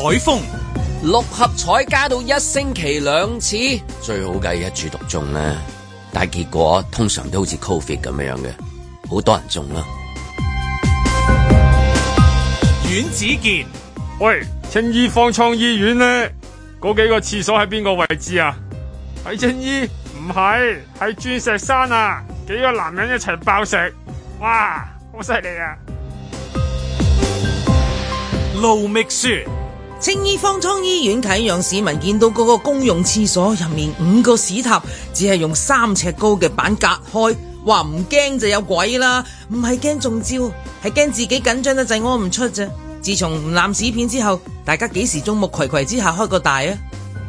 海風六合彩加到一星期兩次，最好計一注獨中呢，但係結果通常都好似 COVID 咁樣嘅，好多人中啦。阮子健，喂，青衣方艙醫院咧，嗰幾個厠所喺邊個位置啊？喺青衣，唔係，係鑽石山啊！幾個男人一齊爆石，哇，好犀利啊！盧覓雪。青衣方艙醫院睇，讓市民見到嗰個公用廁所入面五個屎塔，只係用三尺高嘅板隔開，話唔驚就有鬼啦，唔係驚中招，係驚自己緊張得滯屙唔出啫。自從濫屎片之後，大家幾時眾目睽睽之下開個大啊？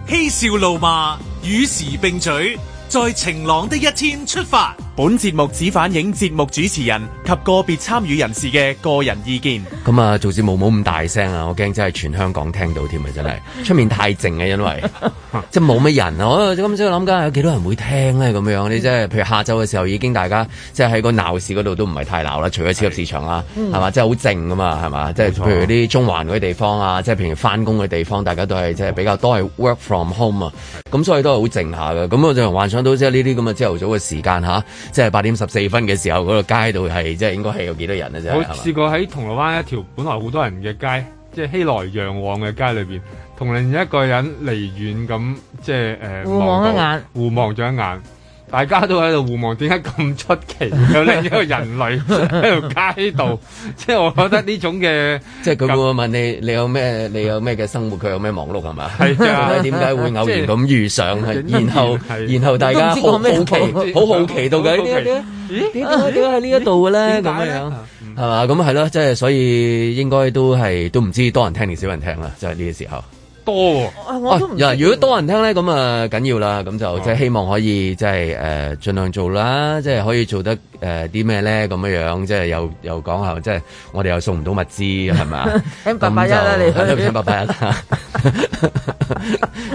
嬉笑怒罵，與時並取。在晴朗的一天出發，本節目只反映節目主持人及個別參與人士嘅個人意見。咁啊，做節目冇冇咁大聲啊，我驚真係全香港聽到添啊，真係出面太靜啊，因為 即係冇乜人啊。咁即係諗緊有幾多人會聽咧？咁樣，你即係譬如下晝嘅時候已經大家即係喺個鬧市度都唔係太鬧啦，除咗超級市場啦，係嘛，即係好靜噶嘛，係 嘛？即係譬如啲中環啲地方啊，即係譬如翻工嘅地方，大家都係即係比較多係 work from home 啊，咁所以都係好靜下嘅。咁我就幻想。到即係呢啲咁嘅朝頭早嘅時間嚇，即係八點十四分嘅時候，嗰、那個街度係即係應該係有幾多人咧啫？我試過喺銅鑼灣一條本來好多人嘅街，即係熙來攘往嘅街裏邊，同另一個人離遠咁即係誒互望一眼，互望咗一眼。大家都喺度互望，點解咁出奇？有另一個人類喺條街度， 即係我覺得呢種嘅，即係佢會問你，你有咩？你有咩嘅生活？佢有咩忙碌係嘛？係啊，點解會偶然咁遇上？然後然後大家好好奇，好好奇到嘅，點解點解喺呢一度嘅咧？咁樣係嘛？咁係咯，即係、嗯、所以應該都係都唔知多人聽定少人聽啦，就係、是、呢個時候。多、啊、如果多人聽咧，咁啊緊要啦，咁就、嗯、即係希望可以即係誒盡量做啦，即係可以做得誒啲咩咧？咁、呃、樣樣即係又又講下，即係我哋又送唔到物資係咪？七百八一啦，你七百八一啦。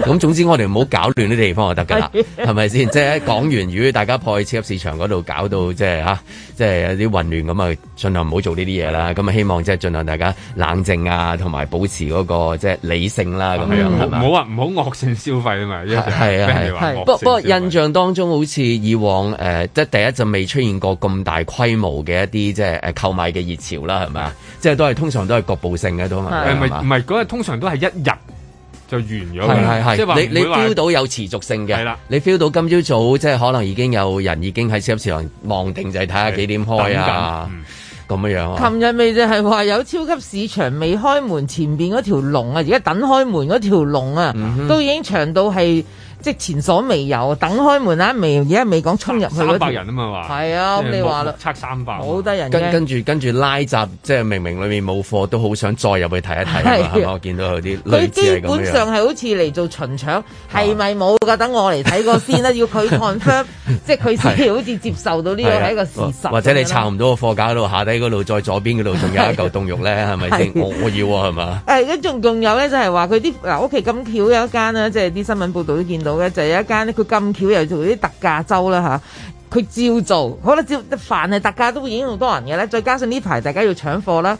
咁 總之我哋唔好搞亂啲地方就得噶啦，係咪先？即係喺講完如，大家破去超級市場嗰度搞到即係吓。就是啊。即係有啲混亂咁啊，儘量唔好做呢啲嘢啦。咁啊，希望即係儘量大家冷靜啊，同埋保持嗰個即係理性啦。咁係啊，唔好啊，唔好、嗯、惡性消費啊嘛。係啊係啊。不不過印象當中，好似以往誒、呃，即係第一陣未出現過咁大規模嘅一啲即係誒購買嘅熱潮啦，係咪啊？即係都係通常都係局部性嘅都係。唔係唔係，嗰日通常都係一日。就完咗啦、係係係！你你 feel 到有持續性嘅，你 feel 到今朝早，早即係可能已經有人已經喺超級市場望定，就係、係、睇下幾點開啊？咁、嗯、樣啊！琴日咪就係話有超級市場未開門，前邊嗰條龍啊，而家等開門嗰條龍啊、嗯，都已經長到係。即前所未有，等開門啦，未而家未講衝入去嗰啲三百人啊嘛話，係啊，咁你話啦，測三百好多人。跟跟住跟住拉閘，即明明裏面冇貨，都好想再入去睇一睇。我見到有啲佢基本上係好似嚟做巡場，係咪冇噶？等我嚟睇過先啦、啊，要佢 confirm， 即佢好似接受到呢個係 一個事實。或者你撐唔到個貨架嗰度，下低嗰度再左邊嗰度仲有一嚿凍肉咧，係咪先？我我要啊，係嘛？誒，一仲仲有咧，就係話佢啲嗱，屋企咁巧有一間啦，即係啲新聞報導都見到。就是，有一間咧，佢咁巧又做啲特價州啦吓，佢，啊、照做好啦，照凡係特價都會引好多人嘅咧。再加上呢排大家要搶貨啦，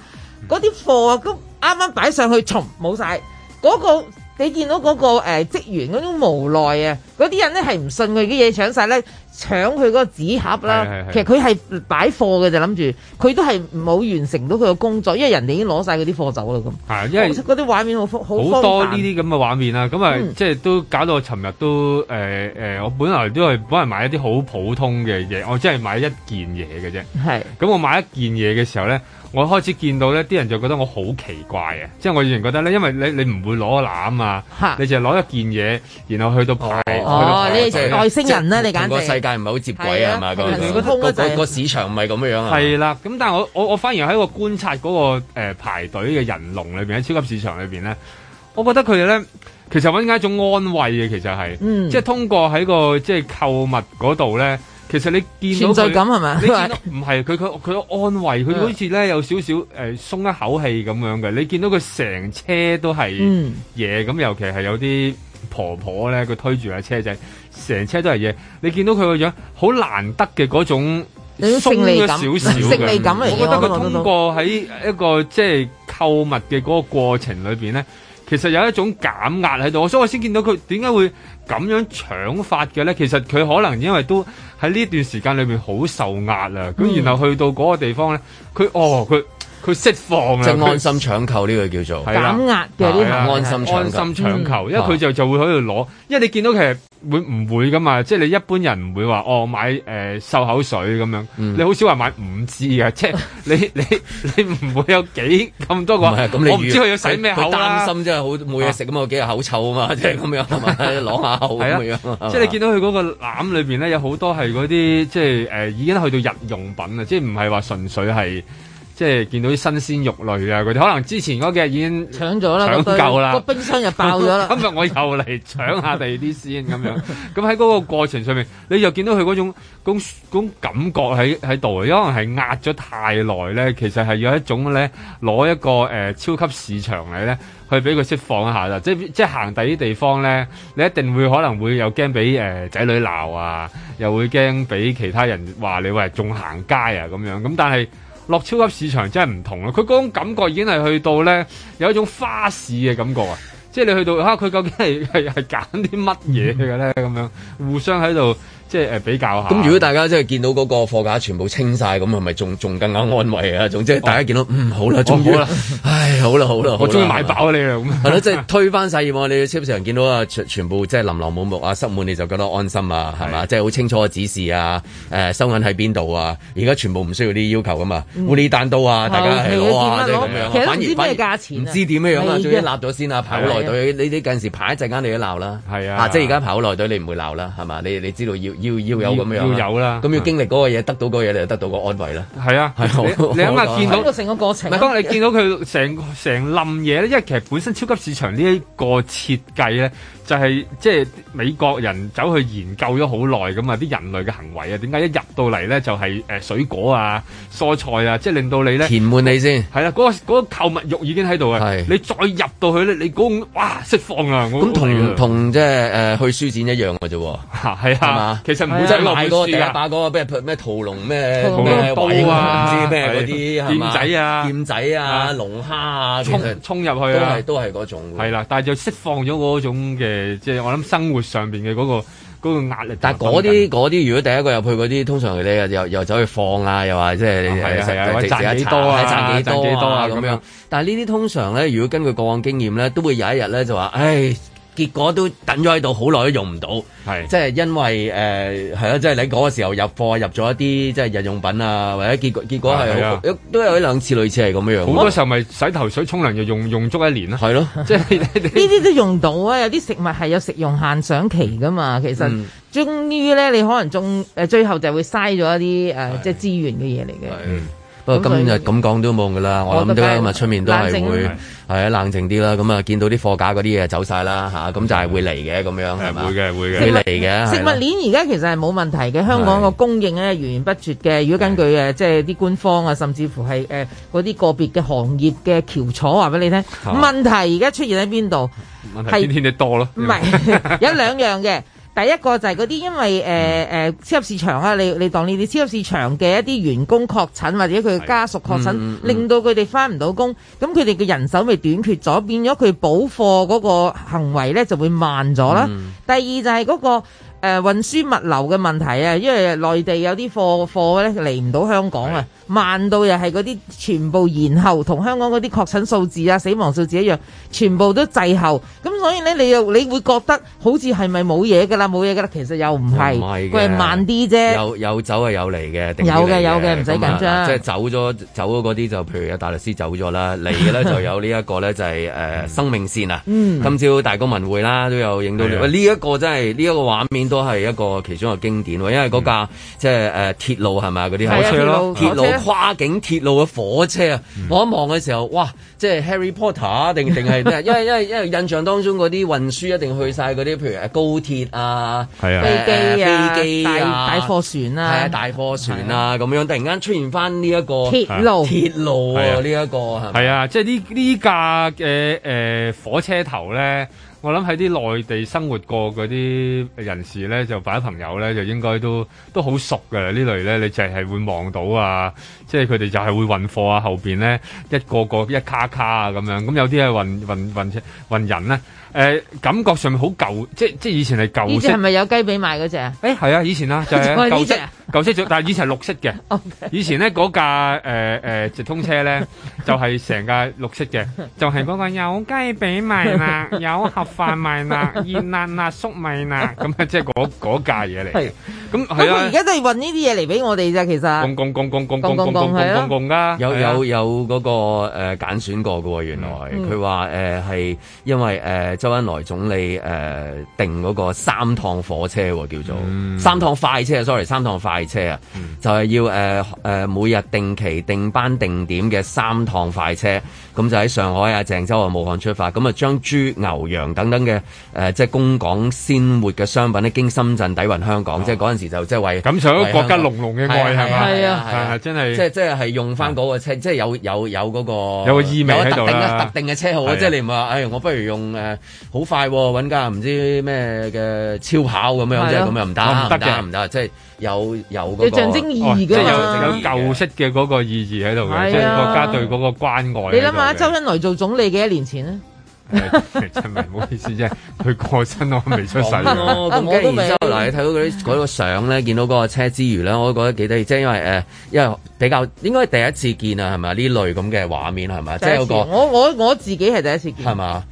嗰啲貨啊，咁啱啱擺上去從冇晒，嗰，嗰個你見到嗰，嗰個誒職，呃、員嗰種無奈啊，嗰啲人咧係唔信佢啲嘢搶晒咧。搶佢嗰個紙盒啦，其實佢係擺貨嘅就諗住，佢都係冇完成到佢個工作，因為人哋已經攞晒嗰啲貨走啦咁。係，因為嗰、哦、啲畫面好方好。好多呢啲咁嘅畫面啦，咁啊即係都搞到我尋日都誒誒、嗯呃，我本來都係本來買一啲好普通嘅嘢，我真係買一件嘢嘅啫。係，咁我買一件嘢嘅時候咧，我開始見到咧啲人就覺得我好奇怪啊！即、就、係、是、我以前覺得咧，因為你你唔會攞籃啊，你就係攞一件嘢，然後去到排哦，哦，你係外星人啦、啊，你簡直。界唔係好接軌啊，係嘛咁個市場唔係咁樣啊。係、那、啦、個，咁但係我我我反而喺個觀察嗰、那個、呃、排隊嘅人龍裏邊喺超級市場裏邊咧，我覺得佢哋咧其實揾緊一種安慰嘅，其實係、嗯，即係通過喺個即係購物嗰度咧，其實你見到存在感係咪 啊？唔係佢佢佢安慰佢好似咧有少少誒、呃、鬆一口氣咁樣嘅，你見到佢成車都係嘢咁，尤其係有啲婆婆咧，佢推住架車仔。成車都係嘢，你見到佢個樣好難得嘅嗰種鬆咗少少，勝利感，我覺得佢通過喺一個即係、就是、購物嘅嗰個過程裏面咧，其實有一種減壓喺度。所以我先見到佢點解會咁樣搶法嘅咧。其實佢可能因為都喺呢段時間裏面好受壓啦咁、嗯、然後去到嗰個地方咧，佢哦佢。佢釋放嘅，即安心搶購呢個叫做減壓嘅，安心搶安心搶購、嗯，因為佢就就會喺度攞，因為你見到其實會唔會㗎嘛？即係你一般人唔會話哦買誒漱、呃、口水咁樣，嗯、你好少話買五支嘅，即係你 你你唔會有幾咁多個， 啊、我唔知佢有洗咩口擔心即係好冇嘢食咁啊，有幾日口臭啊嘛，即係咁樣埋你攞下口咁樣。即 係你見到佢嗰個籃裏面咧， 有好多係嗰啲即係誒、呃、已經去到日用品啊，即係唔係話純粹係。即係見到啲新鮮肉類啊，嗰啲可能之前嗰幾日已經搶咗啦，搶夠啦，個冰箱就爆咗啦。今日我又嚟搶下第啲先咁樣。咁喺嗰個過程上面，你又見到佢嗰種嗰嗰感覺喺喺度啊。可能係壓咗太耐咧，其實係有一種咧攞一個誒超級市場嚟咧，去俾佢釋放一下啦。即即行第啲地方咧，你一定會可能會又驚俾誒仔女鬧啊，又會驚俾其他人話你喂仲行街啊咁樣。咁但係。落超級市場真係唔同，佢嗰種感覺已經係去到咧有一種花市嘅感覺啊！即係你去到吓佢究竟係係係揀啲乜嘢嘅咧咁樣，互相喺度。即係誒比較下。咁如果大家即係見到嗰個貨架全部清晒，咁係咪仲仲更加安慰啊？總之大家見到、哦、嗯好啦，終於，唉、哦、好啦，唉好，啦，好，啦好啦，我中意買飽啊你啊係咯，即係推翻曬嘢。你喺超市見到啊，全部即係琳琅滿目啊，塞滿你就覺得安心啊，係嘛？即係好清楚嘅指示啊，誒、呃、收銀喺邊度啊？而家全部唔需要呢啲要求噶嘛，護、嗯、理單刀啊，大家係攞啊，即係咁樣。反而唔知咩價錢、啊，唔知點樣樣啊，最緊要立咗先啊。排好耐隊，呢啲近時排一陣間你都鬧啦。係啊，即係而家排好耐隊你唔會鬧啦，係嘛？你你，你知道要。要要有咁樣要有啦。咁要經歷嗰個嘢，得到嗰嘢你就得到個安慰啦。係啊，你你諗下見到個成個過程。當你見到佢成個成冧嘢咧，因為其實本身超級市場呢一個設計咧。就係即係美國人走去研究咗好耐咁啊！啲人類嘅行為啊，點解一入到嚟咧就係誒水果啊、蔬菜啊，即係令到你咧填滿你先。係啦，嗰個嗰個購物慾已經喺度啊！係你再入到去咧，你嗰種哇釋放啊！我咁同同即係誒去書展一樣嘅啫喎。係啊，其實唔真係買嗰個第二把嗰個咩咩屠龍咩咩刀啊，唔知咩嗰啲劍仔啊、劍仔啊、龍蝦啊，沖沖入去啊，都係都係嗰種。係啦，但係就釋放咗嗰種嘅。誒，即係我諗生活上面嘅嗰個嗰個壓力，但係嗰啲嗰啲如果第一個入去嗰啲，通常咧又又走去放啊，又話即係係啊，賺幾多啊，賺幾多啊，咁樣。但係呢啲通常咧，如果根據個案經驗咧，都會有一日咧就話，唉。結果都等咗喺度好耐都用唔到，係即係因為誒係咯，即係你嗰個時候入貨入咗一啲即係日用品啊，或者結果結果係好，都有一兩次類似係咁樣樣。好多時候咪洗頭水沖涼就用用足一年啦。係、啊、咯，即係呢啲都用到啊！有啲食物係有食用限賞期噶嘛，其實終於咧你可能仲誒最後就會嘥咗一啲誒、啊、即係資源嘅嘢嚟嘅。不過今日咁講都冇用噶啦，我諗都咁啊，出面都係會係啊冷靜啲啦。咁啊見到啲貨架嗰啲嘢走晒啦吓，咁就係會嚟嘅咁樣係嘛？會嘅會嘅嚟嘅。食物鏈而家其實係冇問題嘅，香港個供應咧源源不絕嘅。如果根據誒即係啲官方啊，甚至乎係誒嗰啲個別嘅行業嘅翹楚話俾你聽，問題而家出現喺邊度？問題天天都多咯，唔係 有兩樣嘅。 第一個就係嗰啲，因為誒誒、嗯呃、超級市場啊，你你當你哋超級市場嘅一啲員工確診或者佢嘅家屬確診，令到佢哋翻唔到工，咁佢哋嘅人手咪短缺咗，變咗佢補貨嗰個行為咧就會慢咗啦、嗯。第二就係嗰、嗰個。誒、呃、運輸物流嘅問題啊，因為內地有啲貨貨咧嚟唔到香港啊，慢到又係嗰啲全部延後，同香港嗰啲確診數字啊、死亡數字一樣，全部都滯後。咁所以咧，你又你會覺得好似係咪冇嘢噶啦？冇嘢噶啦？其實又唔係，佢係慢啲啫。有有走係有嚟嘅，有嘅有嘅，唔使緊張。即係走咗走咗嗰啲就譬如有大律師走咗啦，嚟 咧就有呢一個咧就係、是 呃、生命線啊！嗯、今朝大公文匯啦，都有影到你、這個。喂，呢、這、一個真係呢一個畫面都。都係一個其中嘅經典，因為嗰架、嗯、即係誒鐵路係咪啊？嗰啲係啊，火車囉，鐵路，鐵路，鐵路跨境鐵路嘅火車啊！嗯、我一望嘅時候，哇！即係 Harry Potter 定定係咩？ 因為因為因為印象當中嗰啲運輸一定去晒嗰啲，譬如誒高鐵啊、啊、啊、飛機啊、大、大貨船啊、啊，大貨船啊咁、啊、樣，突然間出現翻呢一個鐵路是、啊、鐵路啊！呢一、啊這個係啊，即係呢呢架嘅誒、呃、火車頭咧。我諗喺啲內地生活過嗰啲人士咧，就擺朋友咧，就應該都都好熟啦呢類咧，你就係會望到啊，即係佢哋就係會運貨啊，後面咧一個個一卡卡啊咁樣，咁有啲係運運運運,運人咧。誒感覺上面好舊，即即以前係舊。呢隻係咪有雞髀賣嗰隻啊？誒係啊，以前啦就係舊色，舊色咗，但係以前係綠色嘅。OK，以前咧嗰架誒誒直通車咧，就係成架綠色嘅，就係嗰個有雞髀賣啦，有盒飯賣啦，熱辣辣粟米啊，咁啊即係嗰嗰架嘢嚟。係咁，係啊。咁而家都係運呢啲嘢嚟俾我哋啫，其實。共共共共共共共共共共共共共㗎。有有有嗰個誒揀選過嘅喎，原來佢話誒係因為誒。周恩來總理誒、呃、定嗰個三趟火車叫做、嗯、三趟快車，Sorry，三趟快車啊、嗯，就係、是、要誒誒、呃呃、每日定期定班定點嘅三趟快車，咁就喺上海啊、鄭州啊、武漢出發，咁啊將豬牛羊等等嘅誒、呃、即係供港鮮活嘅商品咧，經深圳抵運香港，哦、即係嗰陣時就即係為咁，上一個國家濃濃嘅愛係咪？係啊，係啊，啊，啊，啊，真係即係即係係用翻嗰個車，啊、即係有有有嗰、那個有個意味喺度啦，特定嘅車號、啊、即係你唔係話，哎，我不如用誒。呃好快揾架唔知咩嘅超跑咁樣、啊哦，即係咁又唔得，唔得嘅，唔、哦、得，即係有有個象徵意義嘅，即係有舊式嘅嗰個意義喺度嘅，即係國家對嗰個關愛。你諗下，周恩來做總理幾多年前咧？ 真係唔好意思即啫，佢過身我未出世嘅。咁跟住之後，嗱，你睇到嗰啲個相咧，見到嗰個車之餘咧，我都覺得幾得意，即係因為誒、呃，因為比較應該係第一次見啊，係咪？呢類咁嘅畫面係咪？即係有個，我我我自己係第一次見，係嘛？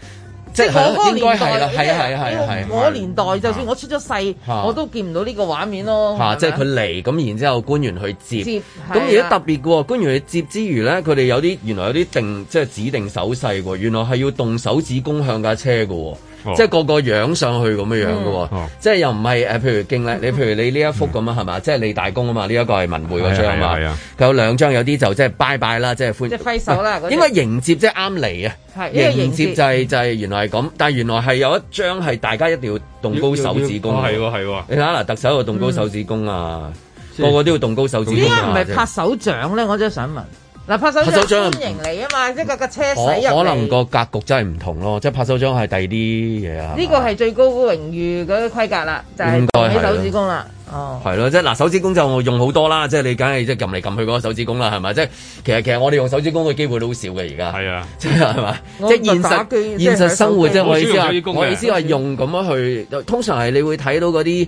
即係嗰個年代，係啊係啊係啊！我年代就算我出咗世，我都見唔到呢個畫面咯。嚇！即係佢嚟咁，然之後官員去接，咁而家特別嘅、啊。官員去接之餘咧，佢哋有啲原來有啲定即係指定手勢喎，原來係要動手指攻向架車喎。哦、即係個個樣上去咁樣樣噶，嗯、即係又唔係誒？譬如勁咧，你譬如你呢一幅咁樣係嘛？即係你大公啊嘛？呢一個係文匯嗰張嘛？佢有兩張，有啲就即係拜拜啦，即係歡，即係揮手啦。應該、啊、迎接即係啱嚟啊！這個、接迎接就係、是、就係、是、原來係咁，但係原來係有一張係大家一定要動高要要要手指公。係、啊、係、啊啊啊、你睇下嗱，特首又動高手指公啊，嗯、個個都要動高手指公。點解唔係拍手掌咧？我真係想問。嗱，拍手掌，歡迎你啊嘛，即個個車駛入嚟。可能個格局真係唔同咯，即係拍手掌係第二啲嘢啊。呢個係最高嘅榮譽嘅規格啦，就係、是、起手指公啦。哦，係咯，即係嗱，手指公就用好多啦，即係你梗係即係撳嚟撳去嗰個手指公啦，係咪即係其實其實我哋用手指公嘅機會都好少嘅而家，係啊即，即係係嘛，即係現實現實生活啫、就是，我意思話，我意思話用咁樣去，通常係你會睇到嗰啲誒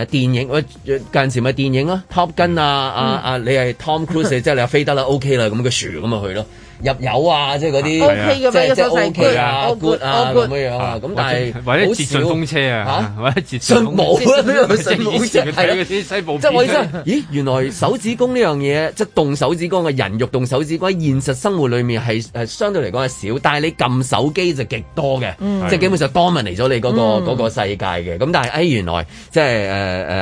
誒電影，我、呃、近時咪電影咯、啊、，Top Gun 啊、嗯、啊啊，你係 Tom Cruise 即係你阿飛得啦，OK 啦咁嘅樹咁啊去咯。入油啊，即係嗰啲 O K 嘅咩啊，O good 啊咁樣啊，咁、啊、that 但係好似截順風車啊，吓、啊？冇，捷信，信，信是是 即係我係咦，原來手指公呢樣嘢，即、就、係、是、動手指公嘅人肉動手指公，現實生活裡面係相對嚟講係少，但係你撳手機就極多嘅，嗯、即係基本上 dominate 咗你嗰、那個嗯、個世界嘅。咁但係、哎、原來即係喺、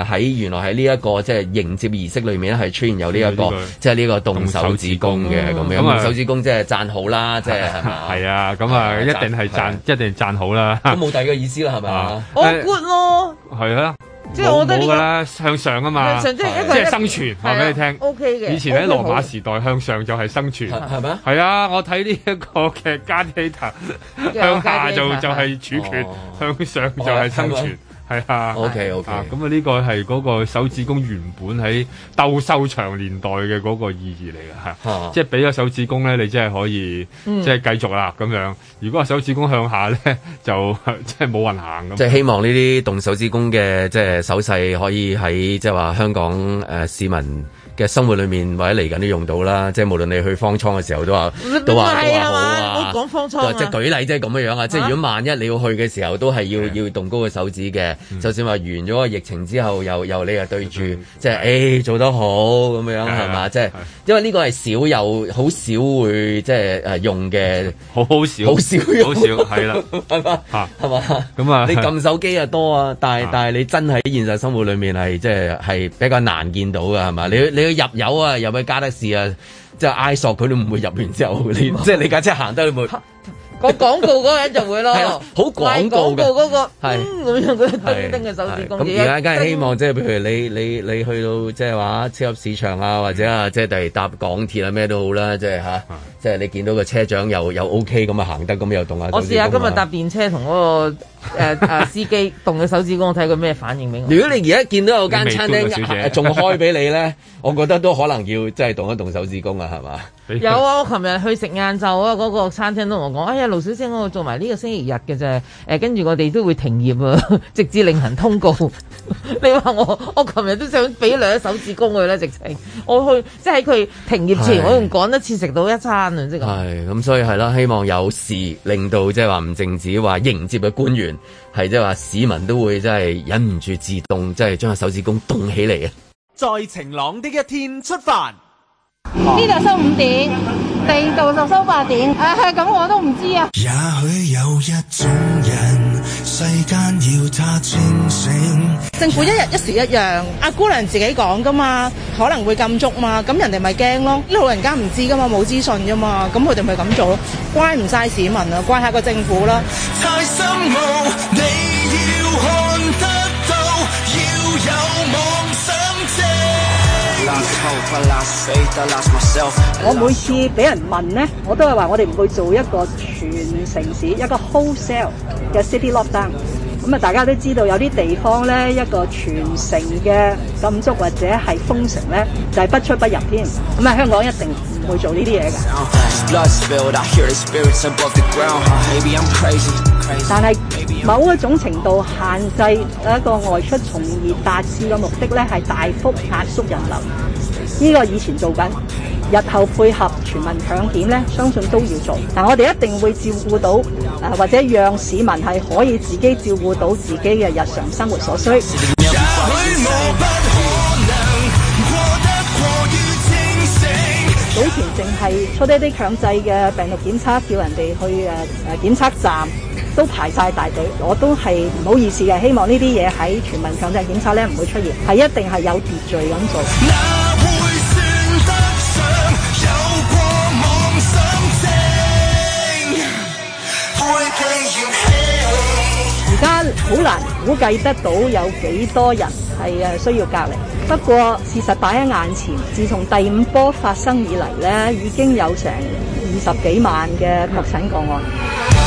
呃、原來喺呢一個即係迎接儀式裏面係出現有呢、這、一個即係呢個動手指公嘅咁樣手指即、就、係、是、讚好啦，即係係啊，咁啊，、嗯、啊，一定係讚是、啊，一定讚好啦。咁冇第二個意思啦，係咪、哦欸哦啊，這個、啊？我 good 咯，係啦、啊，冇冇噶啦，向上啊嘛，上即係一個，即係生存，話俾你聽。O K 嘅，以前喺羅馬時代，向上就係生存，係咪啊？係啊，我睇呢一個嘅加梯塔，向下就就係處決，向上就係生存。係啊，OK OK，咁啊呢個係嗰個手指公原本喺鬥獸場年代嘅嗰個意義嚟㗎。吓、啊，即係俾咗手指公咧，你真係可以即係繼續啦咁樣。如果話手指公向下咧，就即係冇運行咁。即、就、係、是就是、希望呢啲動手指公嘅即係手勢，可以喺即係話香港誒、呃、市民。嘅生活裏面或者嚟緊都用到啦，即係無論你去方艙嘅時候都話都話都話好啊！即係、講方艙啊、舉例即係咁樣啊！即係如果萬一你要去嘅時候，都係要要動高個手指嘅、嗯。就算話完咗個疫情之後，又又你又對住即係哎，做得好咁樣係嘛？即係因為呢個係少有，好少會即係用嘅，好好少，好少，少，好少，係 啦，係、啊、嘛，咁啊！你撳手機就多啊，但係但你真喺現實生活裏面係即係係比較難見到㗎，係嘛、嗯？你。去入油啊，又去加德士啊，就嗌索佢都唔會入完之後，即係你架車行得會唔會？啊嗰個廣告嗰個人就會咯，好 廣告嘅。廣告那個告嗰係咁樣，佢叮叮嘅手指講嘢咁而家梗係希望，即係譬如你你你，你去到即係話超級市場啊，或者啊，即係第日搭港鐵啊，咩都好啦，即係吓，即係你見到個車長又又 OK 咁啊，行、就是 OK、得咁又動下、啊。我試下今日搭電車同嗰、那個。誒 司機動咗手指公，我睇佢咩反應俾我。如果你而家見到有間餐廳仲 開俾你咧，我覺得都可能要即係動一動手指公啊，係嘛？ 有啊，我琴日去食晏晝啊，嗰個餐廳都同我講，哎呀，盧小姐，我做埋呢個星期日嘅啫。跟、啊、住我哋都會停業啊，直至另行通告。 你話我，我琴日都想俾兩個手指公佢咧，直情。我去即係喺佢停業前，我仲趕得切食到一餐啊，即係。咁、這個，所以係啦，希望有事令到即係話唔淨止話迎接嘅官員。係即係話，市民都會真係忍唔住自動，真係將個手指公凍起嚟。再在晴朗的一天出發呢度、啊、收五點，第二度就收八點。啊，咁我都唔知啊。世間要他清醒，政府一日一時一樣，阿姑娘自己講噶嘛，可能會禁足嘛，咁人哋咪驚咯。啲老人家唔知噶嘛，冇資訊噶嘛，咁佢哋咪咁做咯。怪唔曬市民啊，怪下個政府啦。我每次俾人問咧，我都係話我哋唔去做一個全城市一個 wholesale 嘅 city lockdown。咁、嗯、啊，大家都知道有啲地方咧，一個全城嘅禁足或者係封城咧，就係、是、不出不入添。咁、嗯、啊、嗯，香港一定唔會做呢啲嘢㗎。但係某一種程度限制一個外出，從而達至嘅目的咧，係大幅壓縮人流。呢個以前做緊，日後配合全民強檢咧，相信都要做。嗱，我哋一定會照顧到，誒或者讓市民係可以自己照顧到自己嘅日常生活所需。早前淨係出一啲強制嘅病毒檢測，叫人哋去誒誒檢測站。都排晒大隊，我都係唔好意思嘅。希望呢啲嘢喺全民強制檢測咧，唔會出現，係一定係有秩序咁做。而家好難估計得到有幾多人係誒需要隔離。不過事實擺喺眼前，自從第五波發生以嚟咧，已經有成二十幾萬嘅確診個案。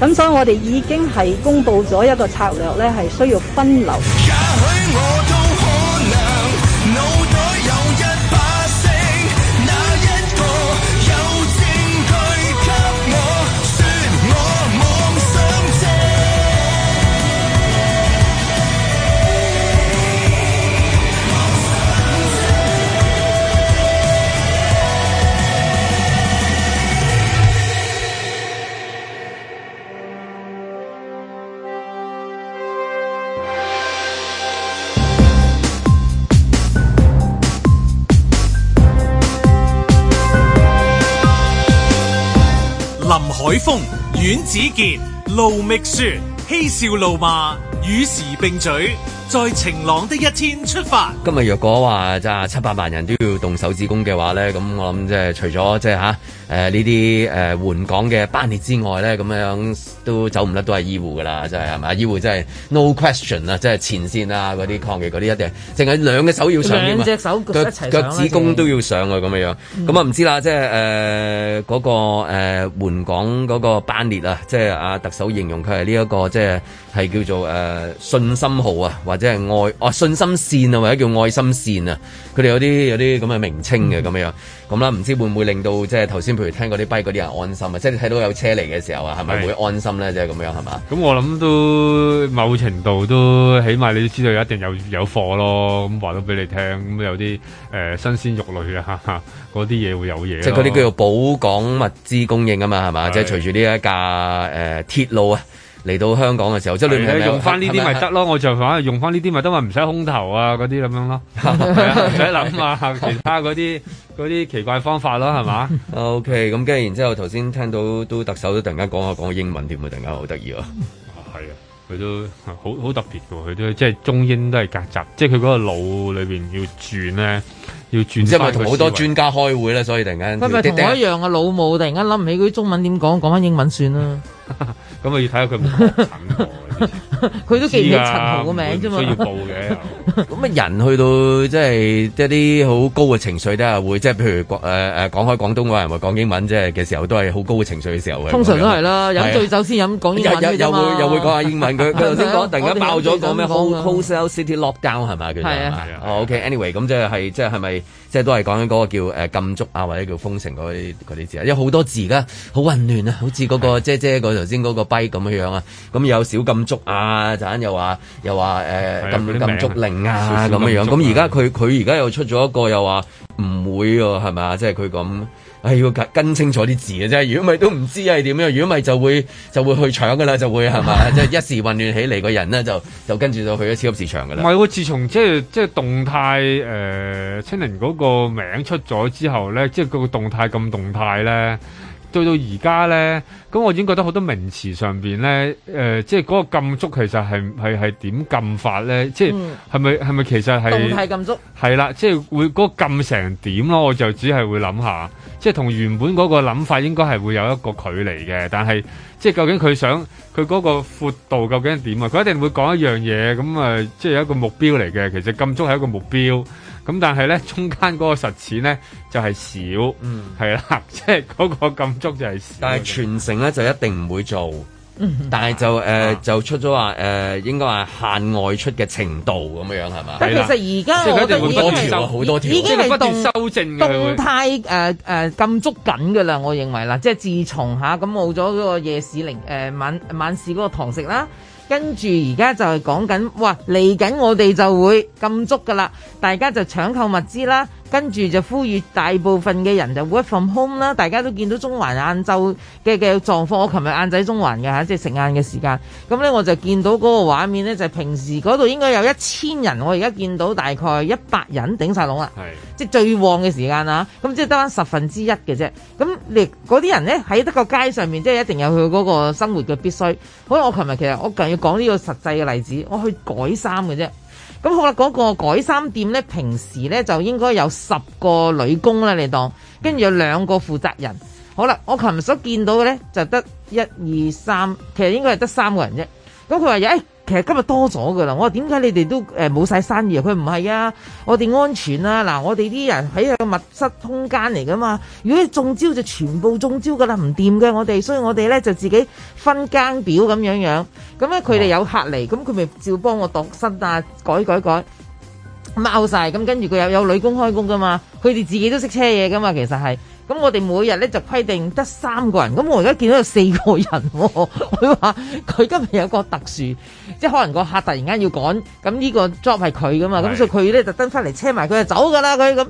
咁所以，我哋已經係公布咗一個策略呢，係需要分流。海峰、阮子健，盧覓雪，嬉笑怒罵，與時並舉。在晴朗的一天出發，今日若果話就係七百萬人都要動手指公嘅話咧，咁我諗即係除咗即係吓誒呢啲誒援港嘅班列之外咧，咁樣都走唔甩都係醫護噶啦，即係係咪？醫護真係 no question 啊，即係前線啊啲抗疫啲一定淨係兩隻個手要上，兩隻手腳腳趾公都要上啊，咁樣咁啊唔知啦，即係誒個誒援、呃、港嗰個班列啊，即係阿特首形容佢係呢一個即係係叫做誒、呃、信心號啊，或即係愛哦、啊、信心線啊，或者叫愛心線啊，佢哋有啲有啲咁嘅名稱嘅咁樣樣，咁啦，唔知會唔會令到即係頭先譬如聽嗰啲跛嗰啲人安心啊？即係睇到有車嚟嘅時候啊，係咪會安心咧？即係咁樣係嘛？咁我諗都某程度都，起碼你知道一定有有貨咯。咁話咗俾你聽，咁有啲誒、呃、新鮮肉類啊，嗰啲嘢會有嘢。即係嗰啲叫做保港物資供應啊嘛，係嘛？即係隨住呢一架誒鐵路啊。嚟到香港嘅時候，啊、即係你係咪用翻呢啲咪得咯，我就反而用翻呢啲咪得，唔使空頭啊嗰啲咁樣咯，唔使諗啊，啊 其他嗰啲啲奇怪方法咯、啊，係嘛？O K，咁跟住然之後，頭先聽到都特首都突然間講下講個英文，點會突然間好得意啊！係啊，佢都好好特別嘅，佢都即係中英都係夾雜，即係佢嗰個腦裏邊要轉咧，要轉。因為同好多專家開會咧，所以突然間。因為同我一樣嘅、啊、老母，突然間諗唔起嗰啲中文點講，講翻英文算啦。嗯。咁啊要睇下佢唔確診我，佢都記唔記得陳豪個名啫嘛，需要報嘅。咁啊人去到即係一啲好高嘅情緒咧，會即係譬如廣誒誒講開廣東話，又咪講英文即係嘅時候，都係好高嘅情緒嘅時候嘅。通常都係啦，飲醉酒先飲講英文嘅嘛。又會又會講下英文，佢頭先講突然間爆咗講咩？Wholesale City Lockdown 係咪？佢就係啊。哦，OK，Anyway，咁即係即係係咪？即係都係講緊嗰個叫誒禁足啊，或者叫封城嗰啲啲字啊，因為好多字而家好混亂啊，好似嗰個姐姐個頭先嗰個跛咁樣樣啊，咁又，又、呃禁禁啊、少，少禁足啊，陣間又話又話誒禁亂禁足令啊咁樣樣，咁而家佢佢而家又出咗一個又話唔會喎，係咪啊？即係佢咁。係要跟清楚啲字嘅啫，如果唔係都唔知係點樣，如果唔係就會就會去搶㗎啦，就會係嘛，即係 一時混亂起嚟，個人咧就就跟住就去咗超級市場㗎啦。唔係喎，自從即係即係動態誒清零嗰個名出咗之後咧，即係個動態咁動態咧。到到而家咧，咁我已經覺得好多名詞上邊咧，誒，即係嗰個禁足其實係係係點禁法咧？即係係咪係咪其實係動態禁足？係啦，即係會嗰個禁成點咯。我就只係會諗下，即係同原本嗰個諗法應該係會有一個距離嘅。但係即係究竟佢想佢嗰個闊度究竟係點啊？佢一定會講一樣嘢咁啊，即係有一個目標嚟嘅。其實禁足係一個目標。咁但係呢，中間嗰個實踐呢就係、是、少，係、嗯、啦，即係嗰個禁足就係。少。但係全城呢就一定唔會做，嗯、但係就誒、嗯呃嗯、就出咗話誒，應該話限外出嘅程度咁樣係咪？但其實而家我覺得已經係好多條，已經係動動態誒誒禁足緊噶啦，我認為啦，即係自從下，咁冇咗嗰個夜市零誒、呃、晚，晚市嗰個堂食啦。跟住而家就係講緊，哇，嚟緊我哋就會禁足㗎喇，大家就搶購物資啦。跟住就呼籲大部分嘅人就 work from home 啦，大家都見到中環晏晝嘅嘅狀況。我琴日晏仔中環嘅嚇，即係食晏嘅時間。咁咧我就見到嗰個畫面咧，就係、平時嗰度應該有一千人，我而家見到大概一百人頂晒籠啦。係，即係最旺嘅時間啊！咁即係得翻十分之一嘅啫。咁你嗰啲人咧喺得個街上面，即係一定有佢嗰個生活嘅必須。好，我琴日其實我緊要講呢個實際嘅例子，我去改衫嘅啫。咁好啦，嗰、那個改衫店呢，平時呢，就應該有十個女工啦，你當，跟住有兩個負責人。好啦，我琴日所見到嘅呢，就得一二三，其實應該係得三個人啫。咁佢話，哎。其實今日多咗噶啦，我話點解你哋都誒冇晒生意啊？佢唔係啊，我哋安全啊！嗱，我哋啲人喺個密室空間嚟噶嘛，如果中招就全部中招噶啦，唔掂嘅我哋，所以我哋咧就自己分更表咁樣樣。咁咧佢哋有客嚟，咁佢咪照幫我度身啊？改改改，踎晒，咁跟住佢有有女工開工噶嘛，佢哋自己都識車嘢噶嘛，其實係。咁我哋每日咧就規定得三個人，咁我而家見到有四個人喎、哦。佢話佢今日有個特殊，即係可能個客突然間要趕，咁呢個 job 係佢噶嘛，咁所以佢咧特登翻嚟車埋佢就走噶啦，佢咁。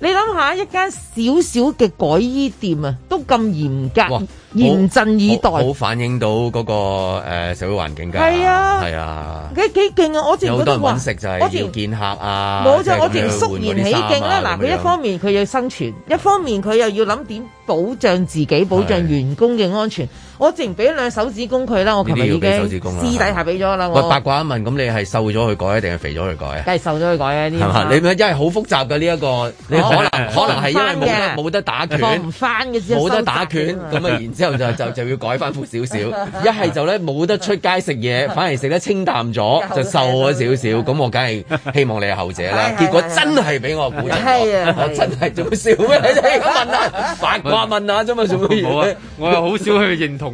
你諗下一間小小嘅改衣店啊，都咁嚴格，嚴陣以待，好反映到嗰個社會環境㗎。係啊，係啊，佢幾勁啊！我淨係覺得揾食就係見見客啊，冇就是、我淨係肅然起敬啦。嗱，佢一方面佢要生存，嗯、一方面佢又～、嗯又要諗點保障自己、保障員工嘅安全。我淨係俾兩手指公佢啦，我琴日已經俾手指公啦，私底下俾咗啦。喂，八卦一問，咁你係瘦咗去改定係肥咗去改啊？梗係瘦咗去改啦。係咪？你咪一係好複雜嘅呢一個，你可能可能係因為冇得冇得打拳，放唔翻嘅，冇得打拳，咁啊然之後就就就要改翻闊少少。一係就咧冇得出街食嘢，反而食得清淡咗，就瘦咗少少。咁我梗係希望你係後者啦。結果真係俾我估錯，真係仲笑咩？你問下八卦問下啫嘛，仲會？我又好少去認同。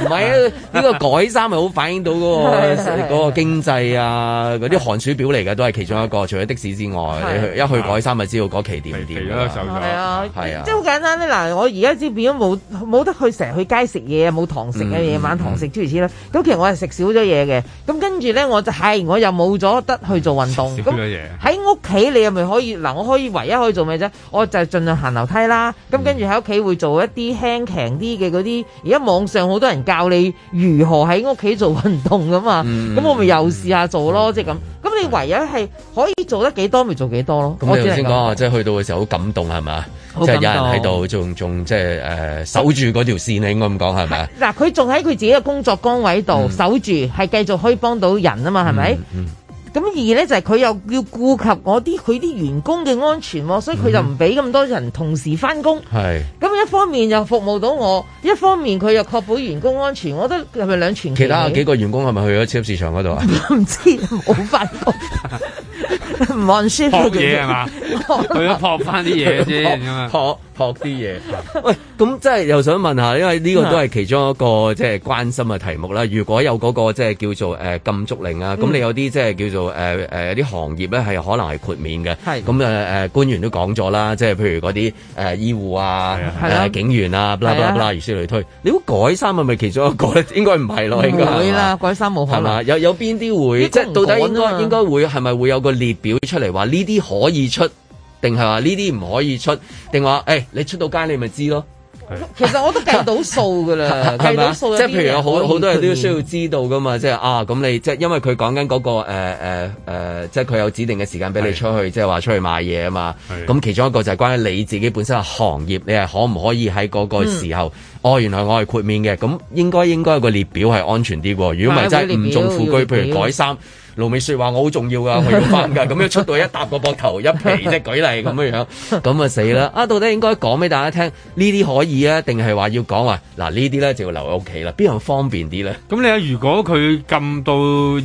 唔 係啊，呢、呢個改衫咪好反映到嗰個嗰個經濟啊，嗰啲寒暑表嚟嘅都係其中一個。除咗的士之外，一去改衫咪知道嗰期點點。肥咗瘦咗，係啊係啊，即係好簡單呢，嗱，我而家知變咗冇冇得去成日去街食嘢冇堂食嘅夜晚堂食諸如此類啦，咁、嗯、其實我係食少咗嘢嘅。咁跟住咧，我就係我又冇咗得去做運動。少咗嘢。喺屋企你係咪可以？嗱，我可以唯一可以做咩啫？我就盡量行樓梯啦。咁跟住喺屋企會做一啲輕強啲嘅嗰啲。而家網上。好多人教你如何喺屋企做運動噶嘛，咁、嗯、我咪又試下做咯，即係咁。咁你唯一係可以做得幾多，咪做幾多咯。咁你頭先講話，即係去到嘅時候好感動係咪，即係有人喺度仲仲即係誒守住嗰條線啊，應該咁講係咪？嗱，佢仲喺佢自己嘅工作崗位度、嗯、守住，係繼續可以幫到人啊嘛，係咪？嗯嗯咁而咧就係、是、佢又要顧及我啲佢啲員工嘅安全喎，所以佢就唔俾咁多人同時翻工。咁、嗯、一方面又服務到我，一方面佢又確保員工安全。我覺得係咪兩全其美？其他幾個員工係咪去咗超級市場嗰度啊？我 唔知，冇翻工，唔運輸嘢係嘛？去咗撲翻啲嘢先，撲撲啲嘢。 喂，咁即係又想問下，因為呢個都係其中一個即係關心嘅題目啦。如果有嗰個即係叫做禁足令啊，咁你有啲即係叫做？誒、呃、誒，啲、呃、行業咧係可能係豁免嘅，咁誒誒，官員都講咗啦，即係譬如嗰啲誒醫護啊，啊、呃、啊，警員啊，啦啦啦，如此類推，啊、你估改衫係咪其中一個咧？ 應該唔係咯，應該唔會啦，改衫冇可能。有有邊啲會？啊、即係到底應該應該會係咪會有個列表出嚟，話呢啲可以出，定係話呢啲唔可以出，定話誒你出到街你咪知咯？ 其實我都計到數噶啦， 計到數嘛？即係譬如有好好多人都需要知道噶嘛，即係 啊咁你即係因為佢講緊嗰個誒誒誒，即係佢有指定嘅時間俾你出去，即係話出去買嘢啊嘛。咁其中一個就係關於你自己本身嘅行業，你係可唔可以喺嗰個時候？嗯、哦，原來我係豁免嘅，咁應該應該有個列表係安全啲。如果唔係真係誤中副車，譬如改衫。盧美說話我好重要噶，我要翻噶，咁樣出到一搭個膊頭一皮啫，舉例咁樣樣，咁啊死啦！啊，到底應該講俾大家聽，呢啲可以啊，定係話要講話？嗱，呢啲咧就要留喺屋企啦，邊樣方便啲咧？咁你如果佢禁到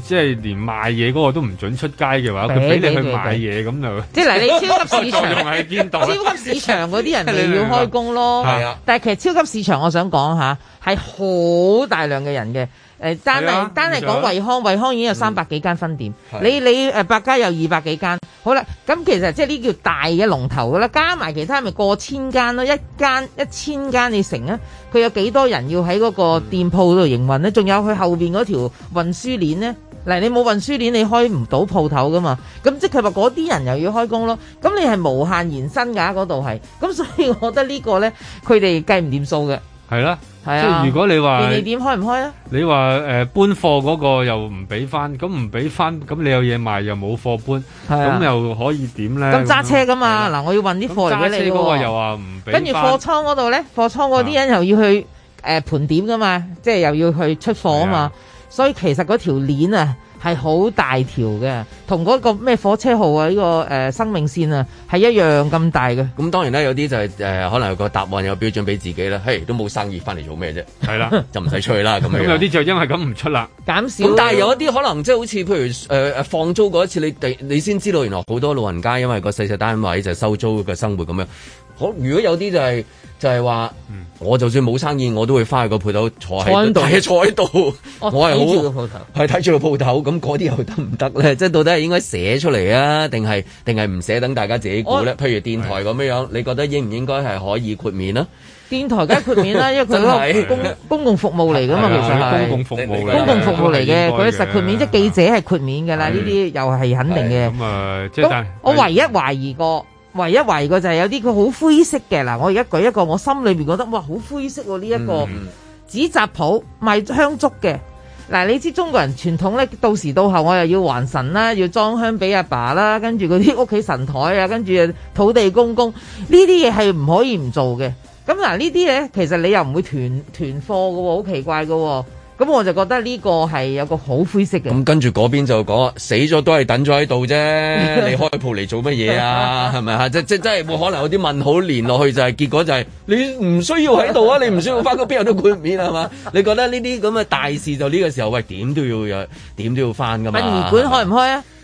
即係連賣嘢嗰個都唔準出街嘅話，佢俾你去買嘢咁就即係你超級市場 用喺邊度超級市場？嗰啲人你要開工咯，係啊，但係其實超級市場我想講下，係好大量嘅人嘅。誒，單係單係講惠康，惠、啊、康已經有三百幾間分店。嗯啊、你你誒百佳有二百幾間，好啦。咁其實即係呢叫大嘅龍頭啦。加埋其他咪過千間咯。一間一千間你成啊，佢有幾多人要喺嗰個店鋪度營運咧？仲、嗯、有佢後邊嗰條運輸鏈咧？嗱，你冇運輸鏈你開唔到鋪頭噶嘛？咁即係佢話嗰啲人又要開工咯。咁你係無限延伸㗎，嗰度係。咁所以我覺得個呢個咧，佢哋計唔掂數嘅。係啦、啊，即係、啊、如果你話便利店開唔開咧？你話誒、呃、搬貨嗰個又唔俾翻，咁唔俾翻，咁你有嘢賣又冇貨搬，咁、啊、又可以點咧？咁揸車噶嘛？嗱、啊，我要運啲貨嚟喎。揸車嗰個又話唔俾。跟住貨倉嗰度咧，貨倉嗰啲人又要去誒盤點噶嘛，啊、即係又要去出貨嘛啊嘛，所以其實嗰條鏈啊～係好大條嘅，同嗰個咩火車號啊，呢個誒生命線啊，係一樣咁大嘅。咁當然啦，有啲就係誒，可能有個答案有標準俾自己啦。嘿，都冇生意，翻嚟做咩啫？係啦，就唔使出去啦。咁 樣咁有啲就因為咁唔出啦。減少。咁但係有一啲可能即係好似譬如誒誒、呃、放租嗰一次，你你先知道原來好多老人家因為個細細單位就收租嘅生活咁樣。好，如果有啲就係、是、就係、是、話、嗯，我就算冇生意我都會翻去個鋪頭坐喺度，坐喺度、哦。我係好係睇住個鋪頭，咁嗰啲又得唔得咧？即 係到底係應該寫出嚟啊，定係定係唔寫等大家自己估咧？譬如電台咁樣樣，你覺得應唔應該係可以豁免呢？電台梗係豁免啦，因為佢嗰個公公共服務嚟噶嘛，其實係公共服務嘅 公共服務嚟嘅。佢實豁免，即係記者係豁免嘅啦。呢啲又係肯定嘅咁啊。即係，我唯一懷疑過唯一懷疑過就係有啲佢好灰色嘅嗱。我而家舉一個，我心裏邊覺得哇，好灰色喎。呢一個紙紮鋪賣香燭嘅嗱，你知中國人傳統咧，到時到後我又要還神啦，要裝香俾阿爸啦，跟住嗰啲屋企神台啊，跟住土地公公呢啲嘢係唔可以唔做嘅。咁嗱，呢啲咧，其實你又唔會囤囤貨嘅喎，好奇怪嘅喎。咁我就覺得呢個係有個好灰色嘅。咁跟住嗰邊就講，死咗都係等咗喺度啫。你開鋪嚟做乜嘢啊？係咪啊？即即即係會可能有啲問號連落去就係、是、結果就係、是、你唔需要喺度啊！你唔需要翻到邊度都管唔掂係嘛？ 你覺得呢啲咁嘅大事就呢個時候喂點都要有點都要翻㗎嘛？殯儀館開唔開啊？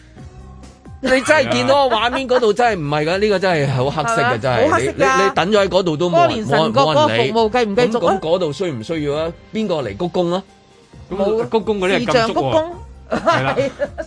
你真係見到個畫面嗰度真係唔係噶，呢 個真係好黑色嘅，真係。好你，啊、你，你等咗喺嗰度都冇，服務繼唔繼續？你咁嗰度需唔需要啊？邊個嚟鞠躬啊？冇。咁鞠躬。係啦。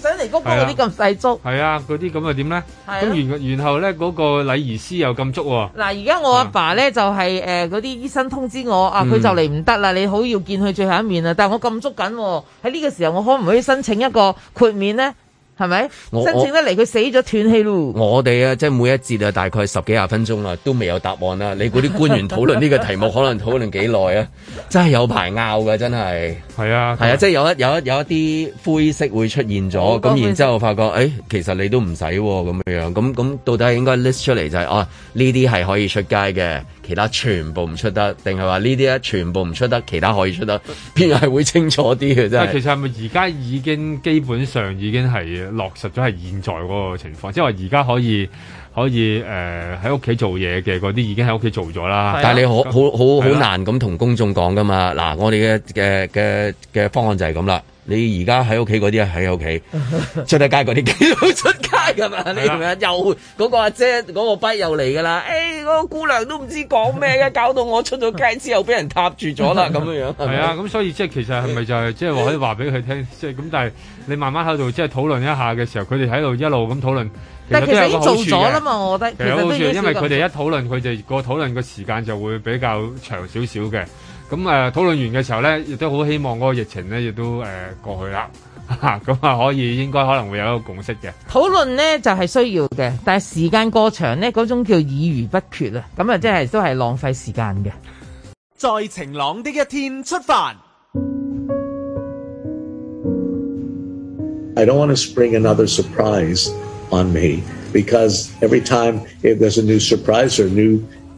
想嚟鞠躬嗰啲咁細足。係啊，嗰啲咁又點咧？咁然，然後咧嗰個禮儀師又禁足喎。嗱、就是，而家我阿爸咧就係誒嗰啲醫生通知我啊，佢就嚟唔得啦，你好要見佢最後一面啊！但係我禁足緊喎，喺呢個時候我可唔可以申請一個豁免咧？係咪？我我申請得嚟，佢死咗斷氣咯！我哋啊，即係每一節啊，大概十幾廿分鐘啊，都未有答案啦。你估啲官員討論呢個題目， 可能討論幾耐啊？真係有排拗㗎， 真係。係 啊，係啊，即係有一有一有一啲灰色會出現咗，咁 然之後發覺，誒，其實你都唔使喎，咁樣樣，咁咁到底應該 list 出嚟就係，哦，呢啲係可以出街嘅。其他全部唔出得，定係話呢啲咧全部唔出得，其他可以出得，邊係會清楚啲嘅啫？其實係咪而家已經基本上已經係落實咗係現在嗰個情況，即係話而家可以可以誒喺屋企做嘢嘅嗰啲已經喺屋企做咗啦。但係你好好好好好、啊、難咁同公眾講噶嘛？嗱，我哋嘅嘅嘅嘅方案就係咁啦。你而家喺屋企嗰啲啊喺屋企，出得街嗰啲幾度出街㗎嘛？啊、你同唔又嗰、嗰個阿姐嗰、嗰個筆又嚟噶啦！誒、哎，嗰、嗰個姑娘都唔知講咩嘅，搞到我出咗街之後俾人踏住咗啦咁樣樣。係啊，咁所以即係其實係咪就係即係話可以話俾佢聽，即係咁。但係你慢慢喺度即係討論一下嘅時候，佢哋喺度一路咁討論。其但其實已經做咗啦嘛，我覺得。其實,其實做因為佢哋一討論，佢哋個討論個時間就會比較長少少嘅。咁誒討論完嘅時候咧，亦都好希望嗰個疫情咧亦都誒、呃、過去啦。咁啊，可以應該可能會有一個共識嘅討論咧，就係、是、需要嘅。但係時間過長咧，嗰種叫議而不決啊。咁啊、就是，即係都係浪費時間嘅。在晴朗的一天出發。I don't want to spring another surprise on me because every time if there's a new surprise or new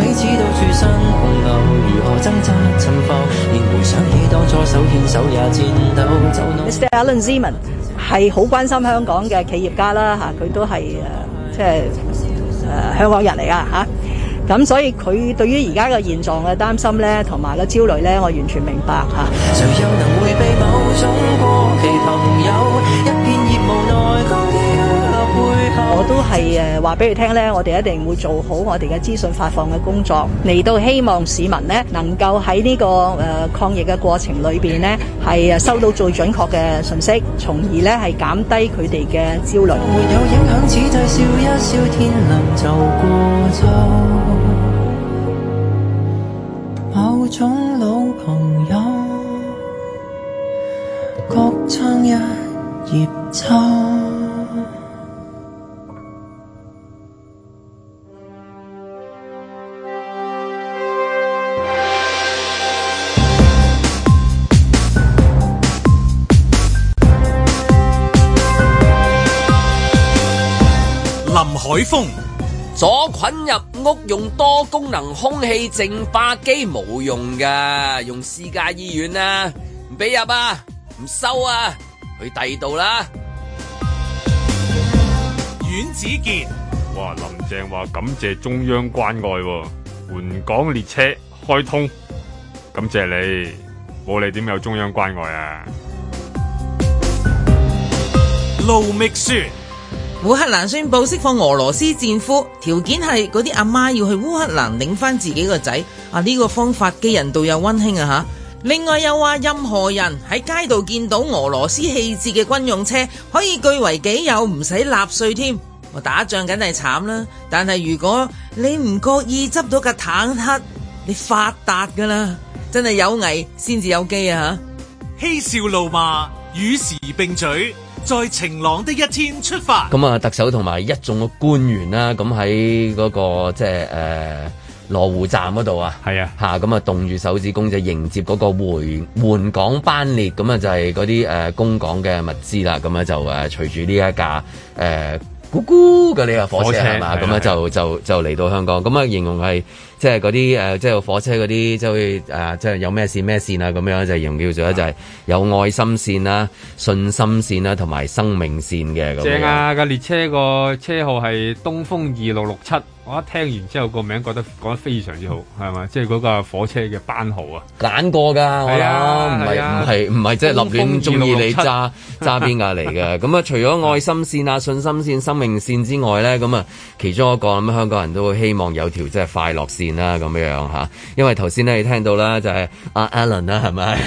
如何手牽手，Mr. Alan Zeman 係好關心香港嘅企業家啦，吓，佢都係誒，即係誒、呃、香港人嚟噶吓。咁、啊、所以佢對於而家嘅現狀嘅擔心咧，同埋咧焦慮咧，我完全明白吓。啊我都係誒，話俾佢聽咧，我哋一定會做好我哋嘅資訊發放嘅工作，嚟，到希望市民呢，能夠喺呢個誒、呃、抗疫嘅過程裏邊呢，係誒收到最準確嘅信息，從而呢係減低佢哋嘅焦慮。風阻菌入屋用多功能空氣淨化機冇用噶，用私家醫院啊，唔俾入啊，唔收啊，去第二度啦。阮子健，哇，林鄭話感謝中央關愛，援港列車開通，感謝你，冇你點有中央關愛啊？盧覓雪。烏克蘭宣布釋放俄羅斯戰俘，條件係嗰啲阿媽要去烏克蘭領翻自己個仔。啊，呢、這個方法幾人道又溫馨啊！吓，另外又話任何人喺街道見到俄羅斯棄置嘅軍用車，可以據為己有，唔使納稅添。我打仗梗係慘啦，但係如果你唔覺意執到個坦克，你發達噶啦，真係有危先至有機啊！嬉笑怒罵，與時並舉。在晴朗的一天出發，咁啊，特首同埋一眾嘅官員啦，咁喺嗰個即係誒羅湖站嗰度啊，係啊，吓咁啊，動住手指公仔迎接嗰個回援港班列，咁啊就係嗰啲誒供港嘅物資啦，咁啊就誒隨住呢一架誒、呃、咕咕嘅呢個火車係嘛，咁啊就就就嚟到香港，咁啊形容係。即係嗰啲誒，即係火車嗰啲、啊，即係誒，即係有咩線咩線啊咁樣，就形容叫做就係有愛心線啦、啊、信心線啦、啊，同埋生命線嘅。正啊！個列車個車號係東風二六六七，我一聽完之後個名覺得講得非常之好，係、嗯、咪？即係嗰架火車嘅班號啊？揀過㗎，我唔係唔係唔係即係立亂中意你揸揸邊架嚟嘅。咁啊，啊啊就是、 除咗愛心線啊、 信心線、生命線之外咧，咁啊，其中一個咁香港人都會希望有條即係快樂線。啦咁樣嚇，因為頭先咧你聽到啦，就係阿 Allen 啦，係咪？